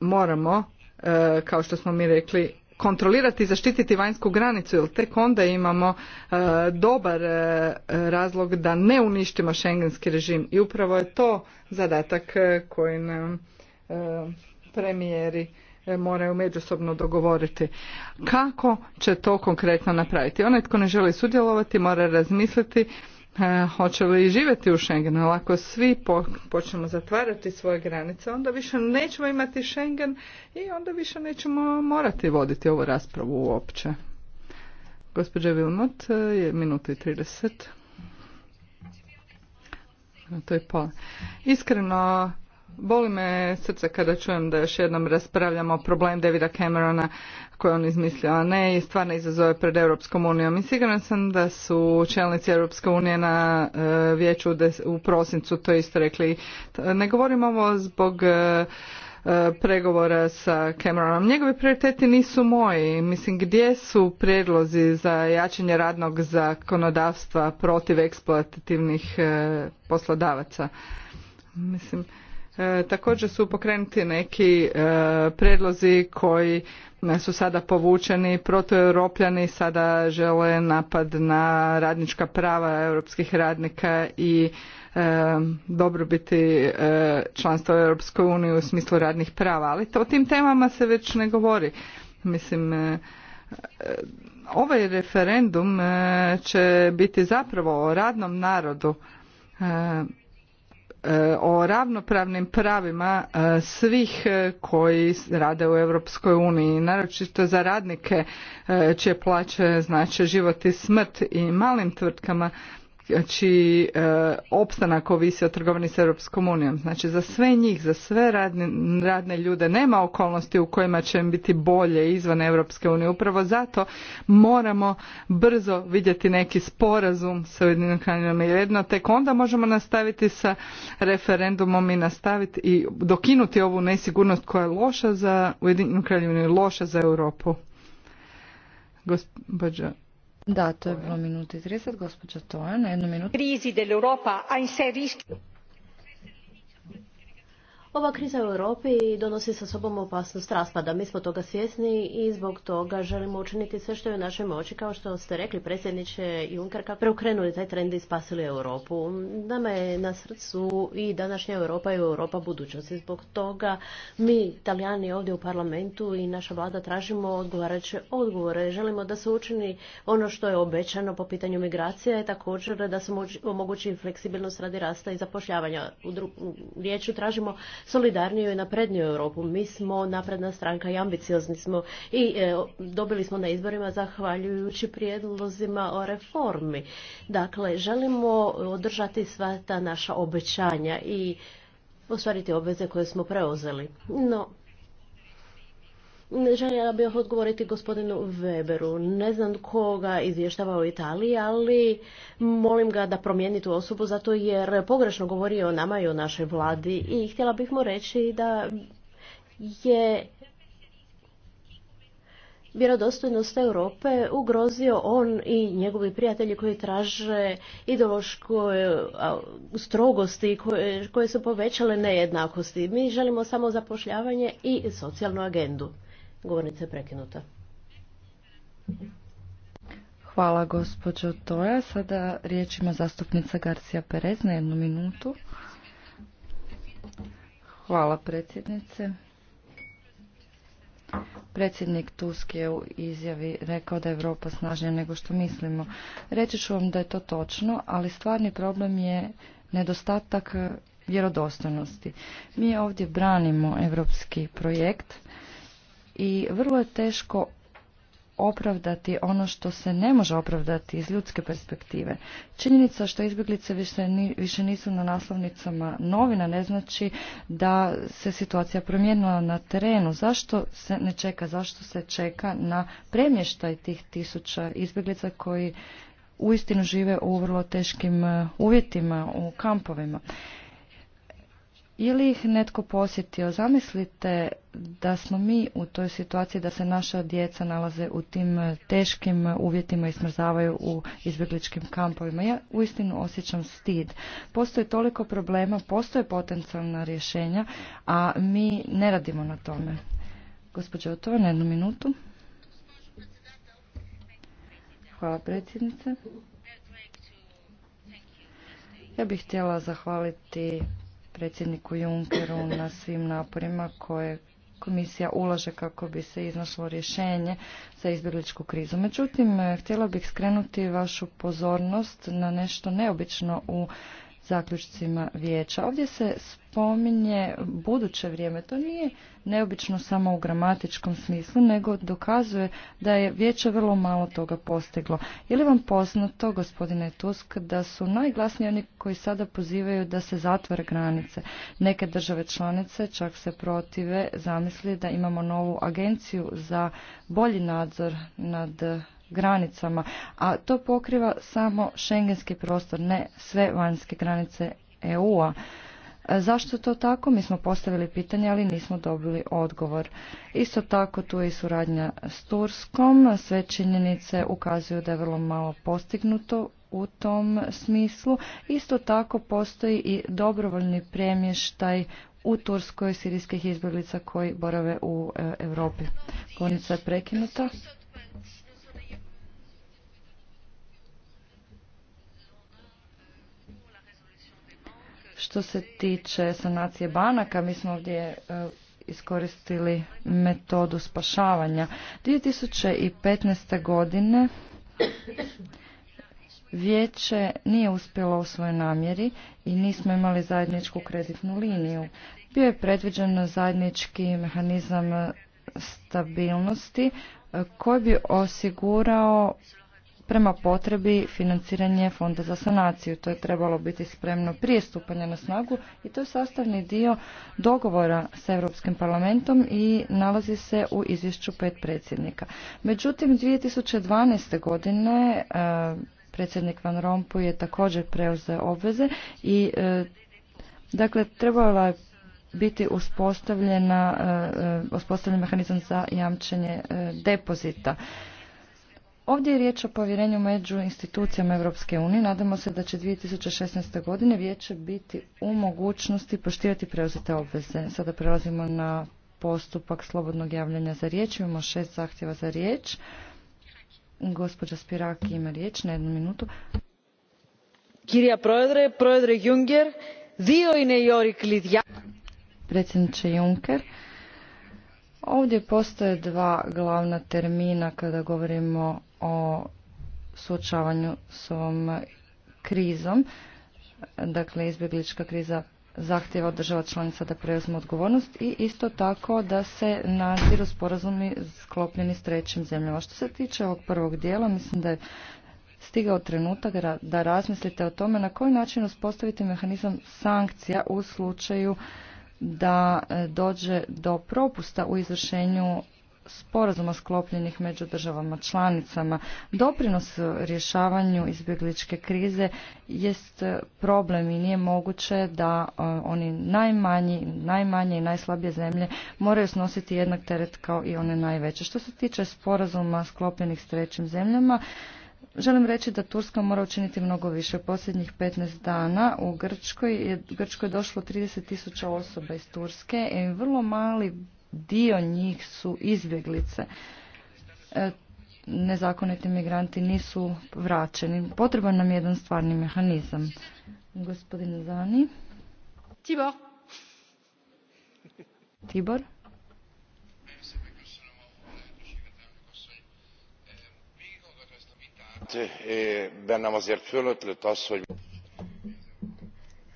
moramo, e, kao što smo mi rekli, kontrolirati i zaštititi vanjsku granicu, jer tek onda imamo e, dobar e, razlog da ne uništimo šengenski režim. I upravo je to zadatak koji nam premijeri E, moraju međusobno dogovoriti. Kako će to konkretno napraviti? Onaj tko ne želi sudjelovati mora razmisliti e, hoće li živjeti u Schengenu. Ako svi počnemo zatvarati svoje granice, onda više nećemo imati Schengen i onda više nećemo morati voditi ovu raspravu uopće. Gospođa Vilmot, e, je minuta i 30. To je Iskreno, Boli me srce kada čujem da još jednom raspravljamo o problem Davida Camerona koje on izmislio, a ne i stvarne izazove pred Europskom unijom. I siguran sam da su čelnici Europske unije na e, vijeću u prosincu to isto rekli. Ne govorim ovo zbog e, e, pregovora sa Cameronom. Njegovi prioriteti nisu moji. Mislim, gdje su prijedlozi za jačanje radnog zakonodavstva protiv eksploatativnih poslodavaca? Mislim, E, također su pokrenuti neki e, predlozi koji su sada povučeni, protueuropljani sada žele napad na radnička prava europskih radnika i e, dobrobiti e, članstva u Europskoj uniji u smislu radnih prava, ali to, o tim temama se već ne govori. Mislim, e, ovaj referendum će biti zapravo o radnom narodu E, o ravnopravnim pravima e, svih e, koji rade u Europskoj uniji, naročito za radnike čije plaće znače život i smrt i malim tvrtkama Znači, e, opstanak ovisi o trgovini s Europskom unijom. Znači za sve njih, za sve radne, radne ljude nema okolnosti u kojima će im biti bolje izvan Europske unije. Upravo zato moramo brzo vidjeti neki sporazum sa Ujedinjenim kraljevinom i jedno tek onda možemo nastaviti sa referendumom i nastaviti i dokinuti ovu nesigurnost koja je loša za Ujedinjenu kraljevinu i loša za Europu. Gospođa da, to je bilo minuti 30, gospođa Toja, na jednu minutu. Krizi Europa ha in sé rischio ova kriza u Europi donosi sa sobom opasnost raspada. Mi smo toga svjesni i zbog toga želimo učiniti sve što je u našoj moći, kao što ste rekli predsjedniče Juncker, kako preokrenuli taj trend i spasili Europu. Nama je na srcu i današnja Europa i Europa budućnosti. Zbog toga mi, Italijani ovdje u parlamentu i naša vlada tražimo odgovarajuće odgovore. Želimo da se učini ono što je obećano po pitanju migracije također da se omogući fleksibilnost radi rasta i zapošljavanja. U, u tražimo solidarniju i napredniju Europu. Mi smo napredna stranka i ambiciozni smo i e, dobili smo na izborima zahvaljujući prijedlozima o reformi. Dakle, želimo održati sva ta naša obećanja i ostvariti obveze koje smo preuzeli. No, Željela bih odgovoriti gospodinu Weberu. Ne znam koga izvještava u Italiji, ali molim ga da promijeni tu osobu zato jer pogrešno govori o nama i o našoj vladi i htjela bih mu reći da je vjerodostojnost Europe ugrozio on i njegovi prijatelji koji traže ideološko e, strogosti koje, koje su povećale nejednakosti. Mi želimo samo zapošljavanje i socijalnu agendu. Govornica je prekinuta. Hvala gospođo Toja. Sada riječ ima zastupnica Garcija Perez na jednu minutu. Hvala predsjednice. Predsjednik Tusk je u izjavi rekao da je Europa snažnija nego što mislimo. Reći ću vam da je to točno, ali stvarni problem je nedostatak vjerodostojnosti. Mi ovdje branimo europski projekt, i vrlo je teško opravdati ono što se ne može opravdati iz ljudske perspektive. Činjenica što izbjeglice više, više nisu na naslovnicama novina ne znači da se situacija promijenila na terenu. Zašto se ne čeka? Zašto se čeka na premještaj tih tisuća izbjeglica koji uistinu žive u vrlo teškim uh, uvjetima, u kampovima? ili ih netko posjetio? Zamislite da smo mi u toj situaciji da se naša djeca nalaze u tim e, teškim e, uvjetima i smrzavaju u izbjegličkim kampovima. Ja uistinu osjećam stid. Postoje toliko problema, postoje potencijalna rješenja, a mi ne radimo na tome. Gospođo Otova, na jednu minutu. Hvala predsjednice. Ja bih htjela zahvaliti predsjedniku Junckeru na svim naporima koje komisija ulaže kako bi se iznašlo rješenje za izbjegličku krizu. Međutim, htjela bih skrenuti vašu pozornost na nešto neobično u zaključcima vijeća. Ovdje se spominje buduće vrijeme. To nije neobično samo u gramatičkom smislu, nego dokazuje da je vijeće vrlo malo toga postiglo. Je li vam poznato, gospodine Tusk, da su najglasniji oni koji sada pozivaju da se zatvore granice? Neke države članice čak se protive zamisli da imamo novu agenciju za bolji nadzor nad granicama, a to pokriva samo šengenski prostor, ne sve vanjske granice EU-a. E, zašto to tako? Mi smo postavili pitanje, ali nismo dobili odgovor. Isto tako tu je i suradnja s Turskom. Sve činjenice ukazuju da je vrlo malo postignuto u tom smislu. Isto tako postoji i dobrovoljni premještaj u Turskoj sirijskih izbjeglica koji borave u e, Europi. Konica je prekinuta. Što se tiče sanacije banaka, mi smo ovdje e, iskoristili metodu spašavanja. 2015. godine vijeće nije uspjelo u svojoj namjeri i nismo imali zajedničku kreditnu liniju. Bio je predviđen zajednički mehanizam stabilnosti e, koji bi osigurao prema potrebi financiranje fonda za sanaciju. To je trebalo biti spremno prije stupanja na snagu i to je sastavni dio dogovora s Europskim parlamentom i nalazi se u izvješću pet predsjednika. Međutim, 2012. godine e, predsjednik Van Rompuy je također preuzeo obveze i e, dakle trebalo je biti uspostavljena, e, uspostavljen mehanizam za jamčenje depozita. Ovdje je riječ o povjerenju među institucijama Europske unije. Nadamo se da će 2016. godine vijeće biti u mogućnosti poštivati preuzete obveze. Sada prelazimo na postupak slobodnog javljanja za riječ. Imamo šest zahtjeva za riječ. Gospođa Spiraki ima riječ na jednu minutu. Kirija Projedre, Projedre Junger, dio i Predsjedniče Juncker, Ovdje postoje dva glavna termina kada govorimo o suočavanju s ovom krizom. Dakle, izbjeglička kriza zahtjeva od država članica da preuzmu odgovornost i isto tako da se naziru sporazumi sklopljeni s trećim zemljama. Što se tiče ovog prvog dijela, mislim da je stigao trenutak da razmislite o tome na koji način uspostaviti mehanizam sankcija u slučaju da e, dođe do propusta u izvršenju sporazuma sklopljenih među državama članicama. Doprinos rješavanju izbjegličke krize jest problem i nije moguće da e, oni najmanji, najmanje i najslabije zemlje moraju snositi jednak teret kao i one najveće. Što se tiče sporazuma sklopljenih s trećim zemljama, Želim reći da Turska mora učiniti mnogo više. posljednjih 15 dana u Grčkoj je, Grčkoj je došlo 30 tisuća osoba iz Turske i vrlo mali dio njih su izbjeglice. E, nezakoniti migranti nisu vraćeni. Potreban nam je jedan stvarni mehanizam. Gospodin Zani. Tibor. Tibor.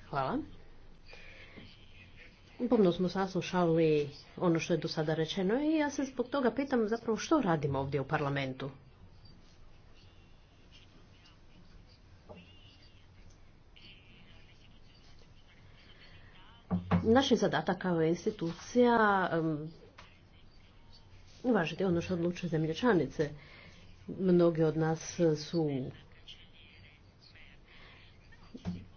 Hvala. Pomno smo saslušali ono što je do sada rečeno i ja se zbog toga pitam zapravo što radimo ovdje u parlamentu. Naš je zadatak kao institucija uvažiti ono što odlučuje zemlječanice. Mnogi od nas su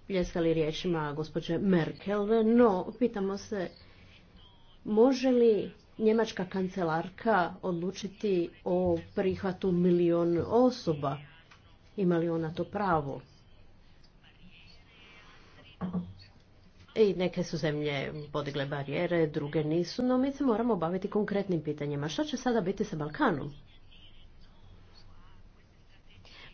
pljeskali riječima gospođe Merkel, no pitamo se može li njemačka kancelarka odlučiti o prihvatu milion osoba? Ima li ona to pravo? I neke su zemlje podigle barijere, druge nisu, no mi se moramo baviti konkretnim pitanjima. Što će sada biti sa Balkanom?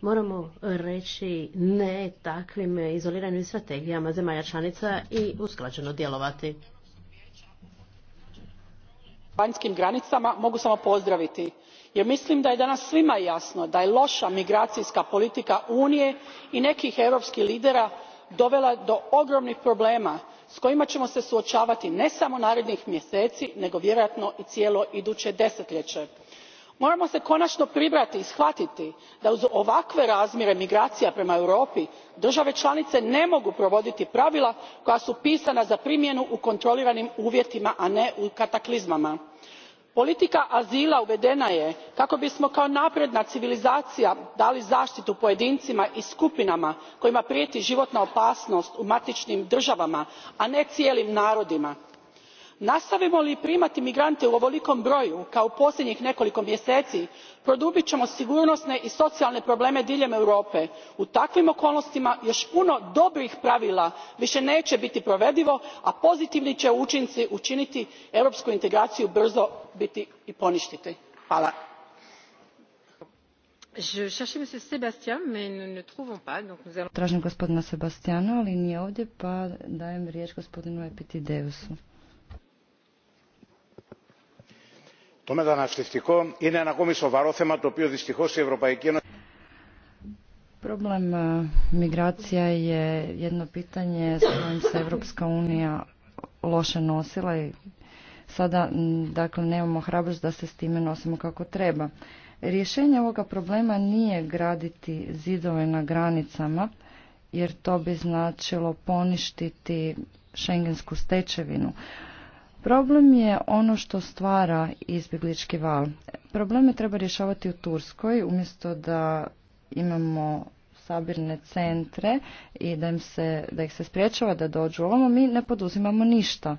Moramo reći ne takvim izoliranim strategijama zemalja članica i usklađeno djelovati. Vanjskim granicama mogu samo pozdraviti jer mislim da je danas svima jasno da je loša migracijska politika unije i nekih europskih lidera dovela do ogromnih problema s kojima ćemo se suočavati ne samo narednih mjeseci nego vjerojatno i cijelo iduće desetljeće moramo se konačno pribrati i shvatiti da uz ovakve razmjere migracija prema europi države članice ne mogu provoditi pravila koja su pisana za primjenu u kontroliranim uvjetima a ne u kataklizmama. politika azila uvedena je kako bismo kao napredna civilizacija dali zaštitu pojedincima i skupinama kojima prijeti životna opasnost u matičnim državama a ne cijelim narodima nastavimo li primati migrante u ovolikom broju kao u posljednjih nekoliko mjeseci produbit ćemo sigurnosne i socijalne probleme diljem europe. u takvim okolnostima još puno dobrih pravila više neće biti provedivo a pozitivni će učinci učiniti europsku integraciju brzo biti i poništiti. gospodina ali nije ovdje pa dajem riječ gospodinu Το μεταναστευτικό είναι ένα ακόμη σοβαρό θέμα το οποίο η Problem migracija je jedno pitanje s kojim se Europska unija loše nosila i sada dakle nemamo hrabrost da se s time nosimo kako treba. Rješenje ovoga problema nije graditi zidove na granicama jer to bi značilo poništiti šengensku stečevinu. Problem je ono što stvara izbjeglički val. Probleme treba rješavati u Turskoj umjesto da imamo sabirne centre i da, im se, da ih se spriječava da dođu ovamo, mi ne poduzimamo ništa.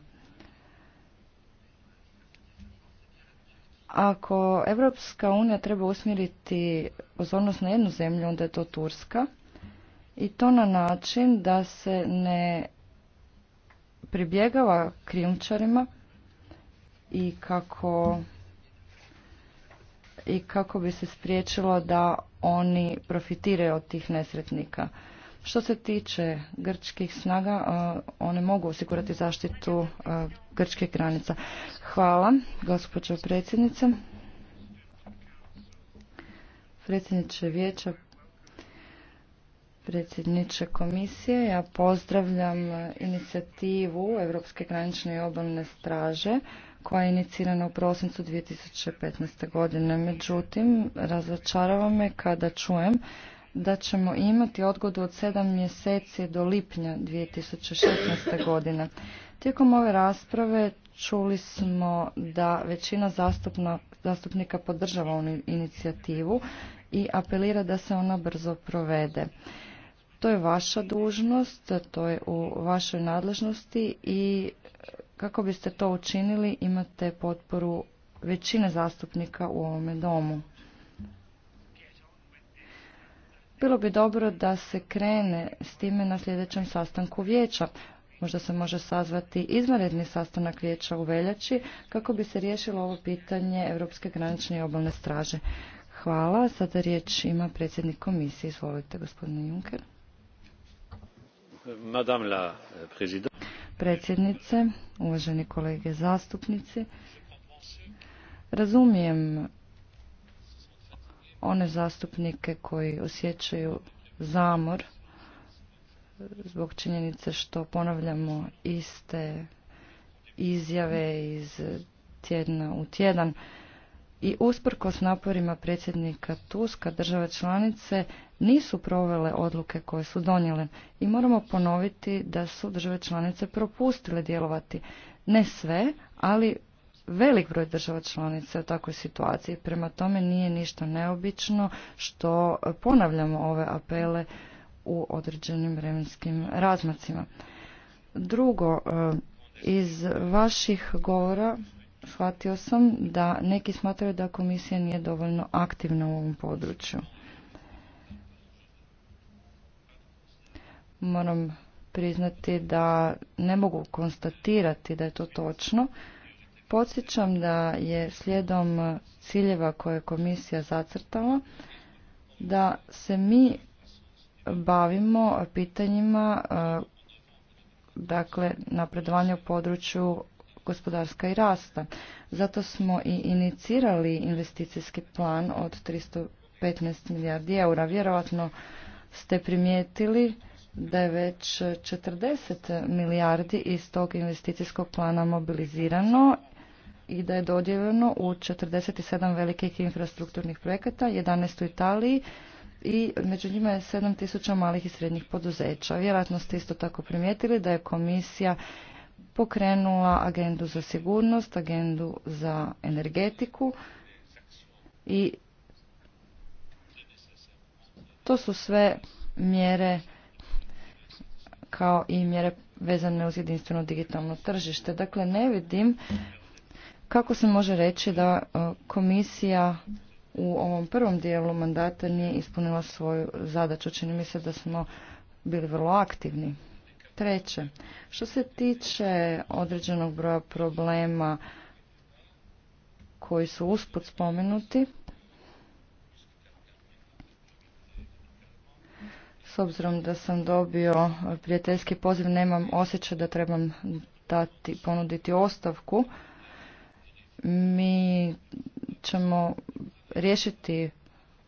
Ako Evropska unija treba usmjeriti pozornost na jednu zemlju, onda je to Turska i to na način da se ne pribjegava krijumčarima i kako i kako bi se spriječilo da oni profitiraju od tih nesretnika. Što se tiče grčkih snaga, e, one mogu osigurati zaštitu e, grčke granica. Hvala, gospođo predsjednice. Predsjedniče vijeća, predsjedniče komisije. Ja pozdravljam inicijativu Europske granične i obalne straže koja je inicirana u prosincu 2015. godine. Međutim, razočarava me kada čujem da ćemo imati odgodu od 7 mjeseci do lipnja 2016. godine. Tijekom ove rasprave čuli smo da većina zastupnika podržava ovu inicijativu i apelira da se ona brzo provede. To je vaša dužnost, to je u vašoj nadležnosti i kako biste to učinili imate potporu većine zastupnika u ovome domu. Bilo bi dobro da se krene s time na sljedećem sastanku vijeća. Možda se može sazvati izvanredni sastanak vijeća u veljači kako bi se riješilo ovo pitanje Europske granične i obalne straže. Hvala. Sada riječ ima predsjednik komisije. Izvolite, gospodine Juncker. Eh, Predsjednice, uvaženi kolege zastupnici, razumijem one zastupnike koji osjećaju zamor zbog činjenice što ponavljamo iste izjave iz tjedna u tjedan i usprkos naporima predsjednika Tuska države članice nisu provele odluke koje su donijele i moramo ponoviti da su države članice propustile djelovati. Ne sve, ali velik broj država članica u takvoj situaciji. Prema tome nije ništa neobično što ponavljamo ove apele u određenim vremenskim razmacima. Drugo, eh, iz vaših govora shvatio sam da neki smatraju da komisija nije dovoljno aktivna u ovom području. Moram priznati da ne mogu konstatirati da je to točno. Podsjećam da je slijedom ciljeva koje je komisija zacrtala da se mi bavimo pitanjima e, dakle napredovanja u području gospodarska i rasta. Zato smo i inicirali investicijski plan od 315 milijardi eura. Vjerovatno ste primijetili da je već 40 milijardi iz tog investicijskog plana mobilizirano i da je dodijeljeno u 47 velikih infrastrukturnih projekata, 11 u Italiji i među njima je 7000 malih i srednjih poduzeća. Vjerojatno ste isto tako primijetili da je komisija pokrenula agendu za sigurnost, agendu za energetiku i to su sve mjere kao i mjere vezane uz jedinstveno digitalno tržište. Dakle, ne vidim kako se može reći da e, komisija u ovom prvom dijelu mandata nije ispunila svoju zadaću. Čini mi se da smo bili vrlo aktivni. Treće, što se tiče određenog broja problema koji su usput spomenuti, s obzirom da sam dobio prijateljski poziv, nemam osjećaj da trebam dati, ponuditi ostavku. Mi ćemo riješiti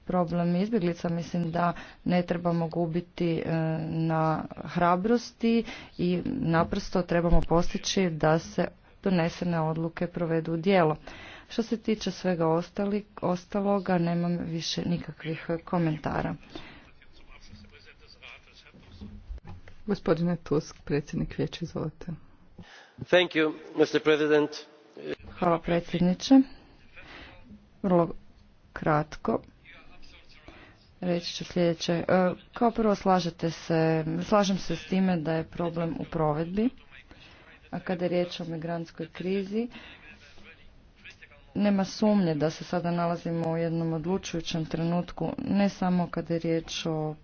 problem izbjeglica, mislim da ne trebamo gubiti e, na hrabrosti i naprosto trebamo postići da se donesene odluke provedu u djelo. Što se tiče svega ostali, ostaloga, nemam više nikakvih komentara. Gospodine Tusk, predsjednik vijeća, izvolite. Thank you, Mr. Hvala predsjedniče. Vrlo kratko reći ću sljedeće. E, kao prvo slažete se, slažem se s time da je problem u provedbi, a kada je riječ o migrantskoj krizi, nema sumnje da se sada nalazimo u jednom odlučujućem trenutku, ne samo kada je riječ o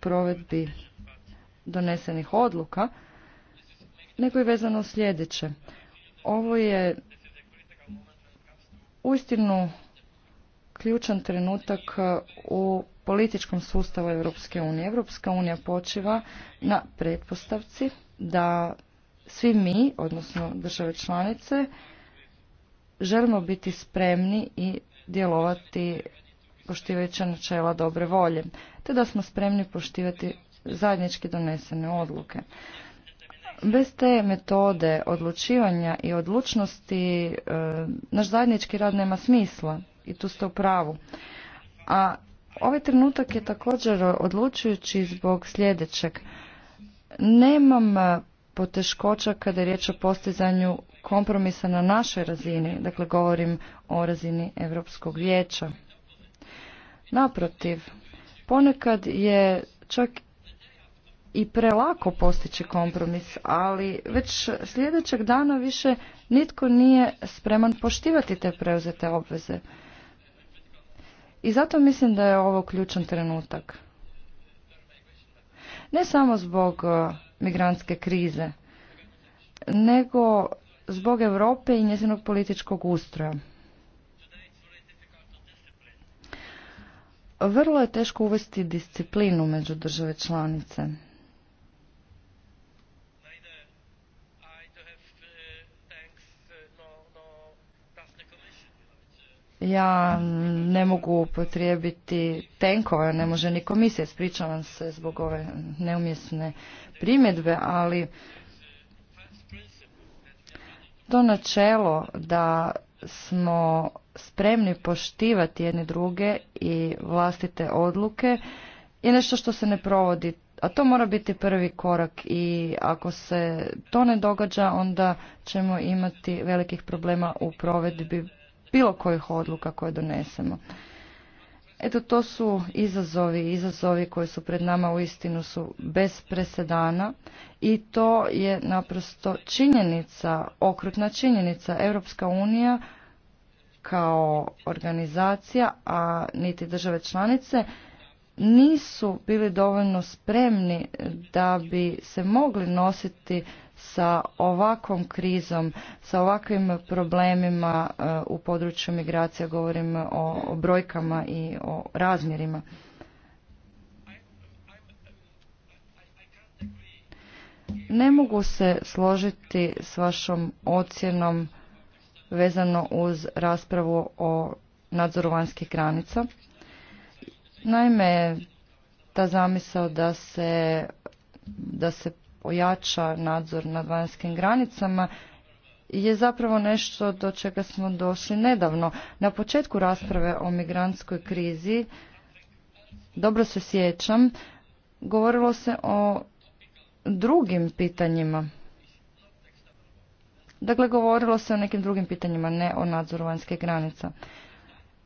provedbi donesenih odluka, nego i vezano sljedeće. Ovo je uistinu ključan trenutak u političkom sustavu Europske unije. Europska unija počiva na pretpostavci da svi mi, odnosno države članice, želimo biti spremni i djelovati poštivajuća načela dobre volje, te da smo spremni poštivati zajednički donesene odluke. Bez te metode odlučivanja i odlučnosti e, naš zajednički rad nema smisla i tu ste u pravu. A Ovaj trenutak je također odlučujući zbog sljedećeg. Nemam e, poteškoća kada je riječ o postizanju kompromisa na našoj razini, dakle govorim o razini Europskog vijeća. Naprotiv, ponekad je čak i prelako postići kompromis, ali već sljedećeg dana više nitko nije spreman poštivati te preuzete obveze. I zato mislim da je ovo ključan trenutak. Ne samo zbog uh, migrantske krize, nego zbog Europe i njezinog političkog ustroja. Vrlo je teško uvesti disciplinu među države članice. ja ne mogu upotrijebiti tenkove, ne može ni komisija, ispričavam se zbog ove neumjesne primjedbe, ali to načelo da smo spremni poštivati jedne druge i vlastite odluke je nešto što se ne provodi a to mora biti prvi korak i ako se to ne događa onda ćemo imati velikih problema u provedbi bilo kojih odluka koje donesemo. Eto, to su izazovi, izazovi koji su pred nama u istinu su bez presedana i to je naprosto činjenica, okrutna činjenica. Europska unija kao organizacija, a niti države članice, nisu bili dovoljno spremni da bi se mogli nositi sa ovakvom krizom, sa ovakvim problemima uh, u području migracija, govorim o brojkama i o razmjerima. Ne mogu se složiti s vašom ocjenom vezano uz raspravu o nadzoru vanjskih granica. Naime, ta zamisao da se, da se ojača nadzor nad vanjskim granicama je zapravo nešto do čega smo došli nedavno. Na početku rasprave o migrantskoj krizi, dobro se sjećam, govorilo se o drugim pitanjima. Dakle, govorilo se o nekim drugim pitanjima, ne o nadzoru vanjskih granica.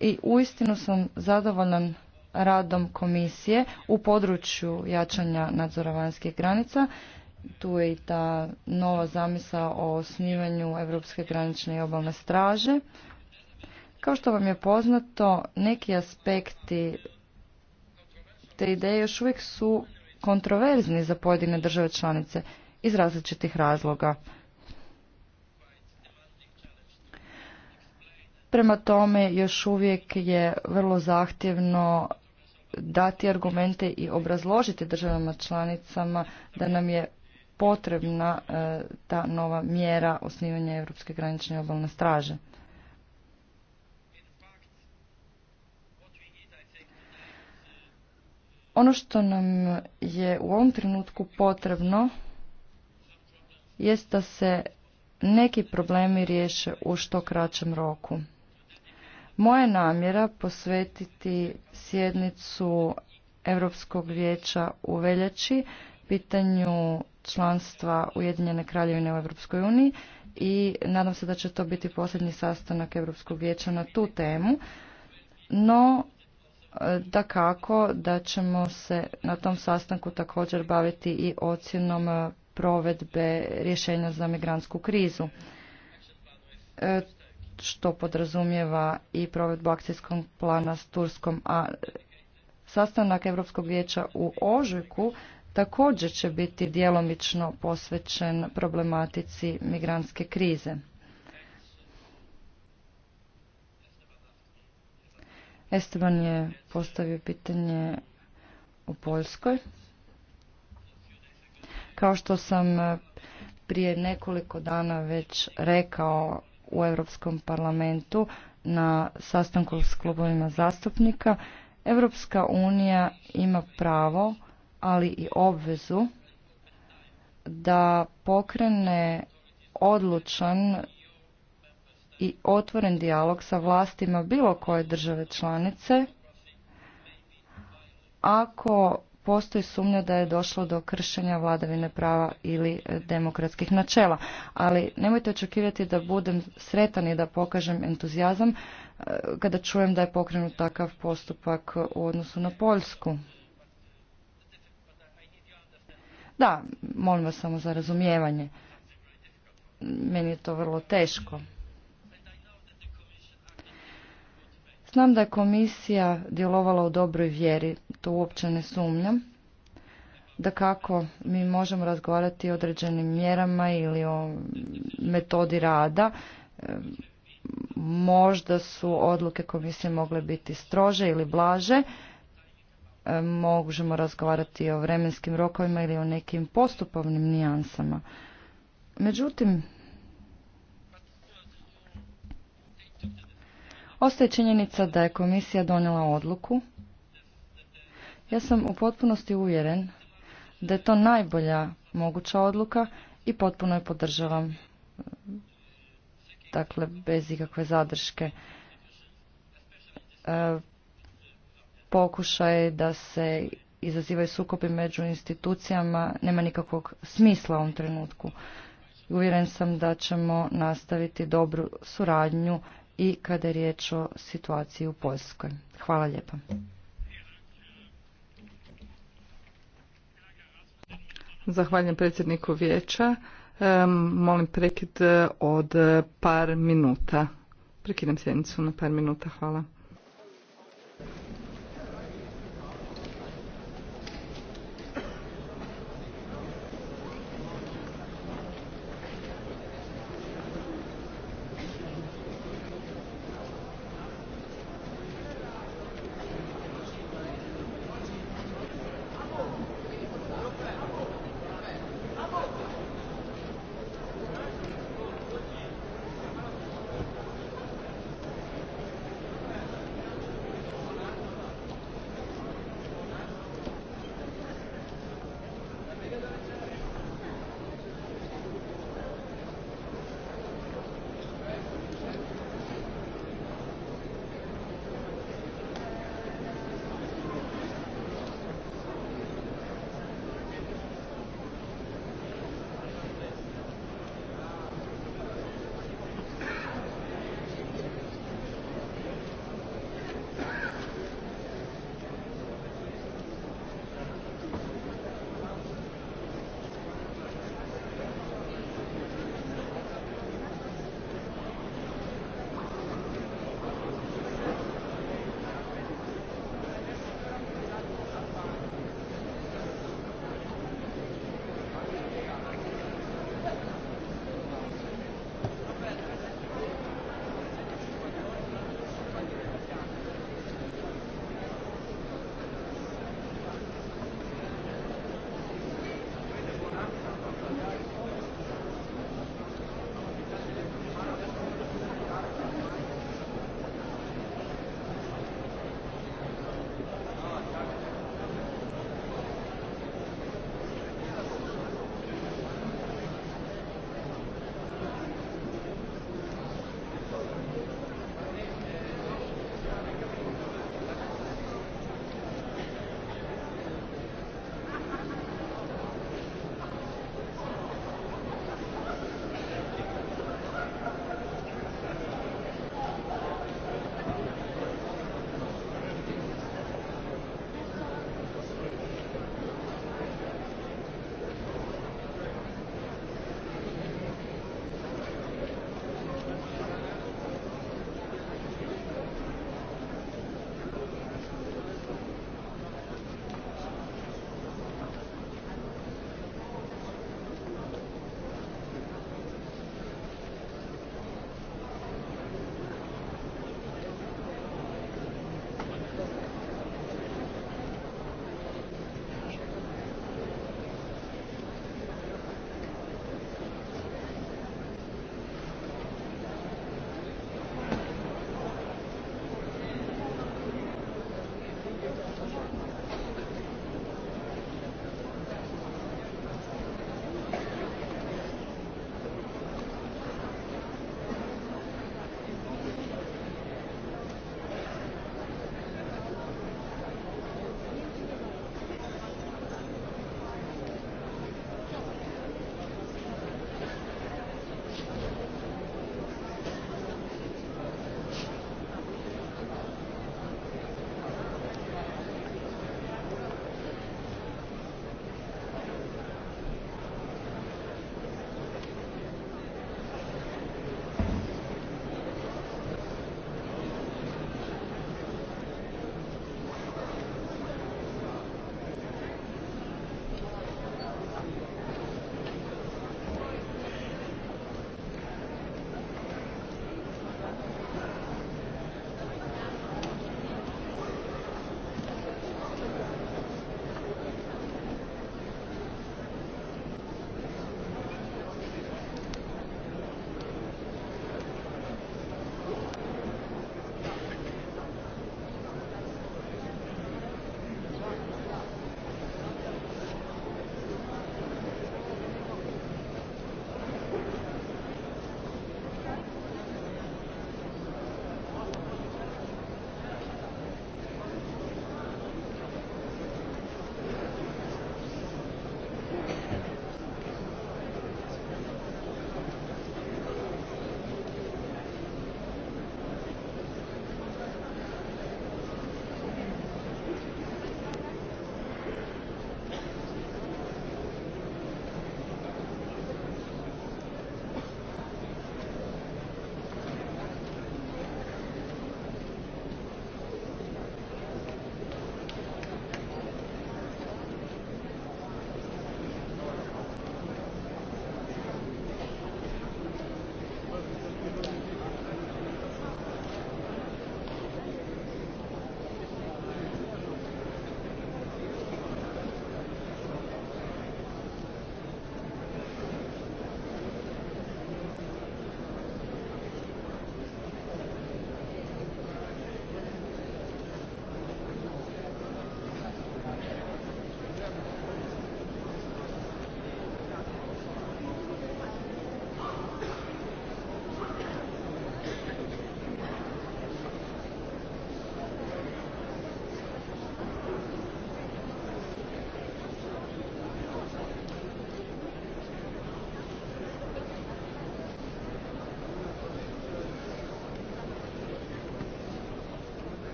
I uistinu sam zadovoljan radom komisije u području jačanja nadzora vanjskih granica tu je i ta nova zamisa o osnivanju Europske granične i obalne straže. Kao što vam je poznato, neki aspekti te ideje još uvijek su kontroverzni za pojedine države članice iz različitih razloga. Prema tome, još uvijek je vrlo zahtjevno dati argumente i obrazložiti državama članicama da nam je potrebna e, ta nova mjera osnivanja Europske granične obalne straže. Ono što nam je u ovom trenutku potrebno jest da se neki problemi riješe u što kraćem roku. Moja namjera posvetiti sjednicu Europskog vijeća u veljači pitanju članstva Ujedinjene kraljevine u Europskoj uniji i nadam se da će to biti posljednji sastanak Europskog vijeća na tu temu. No, e, da kako, da ćemo se na tom sastanku također baviti i ocjenom e, provedbe rješenja za migrantsku krizu, e, što podrazumijeva i provedbu akcijskog plana s Turskom, a sastanak Europskog vijeća u Ožujku također će biti djelomično posvećen problematici migrantske krize. Esteban je postavio pitanje u Poljskoj. Kao što sam prije nekoliko dana već rekao u Europskom parlamentu na sastanku s klubovima zastupnika, Europska unija ima pravo ali i obvezu da pokrene odlučan i otvoren dijalog sa vlastima bilo koje države članice ako postoji sumnja da je došlo do kršenja vladavine prava ili demokratskih načela. Ali nemojte očekivati da budem sretan i da pokažem entuzijazam eh, kada čujem da je pokrenut takav postupak u odnosu na Poljsku. Da, molim vas samo za razumijevanje. Meni je to vrlo teško. Znam da je komisija djelovala u dobroj vjeri, to uopće ne sumnjam. Da kako mi možemo razgovarati o određenim mjerama ili o metodi rada, možda su odluke komisije mogle biti strože ili blaže, E, možemo razgovarati o vremenskim rokovima ili o nekim postupovnim nijansama. Međutim, ostaje činjenica da je komisija donijela odluku. Ja sam u potpunosti uvjeren da je to najbolja moguća odluka i potpuno je podržavam. E, dakle, bez ikakve zadrške. E, pokušaj da se izazivaju sukobi među institucijama nema nikakvog smisla u ovom trenutku. Uvjeren sam da ćemo nastaviti dobru suradnju i kada je riječ o situaciji u Poljskoj. Hvala lijepa. Zahvaljujem predsjedniku vijeća. Molim prekid od par minuta. Prekidam sjednicu na par minuta. Hvala.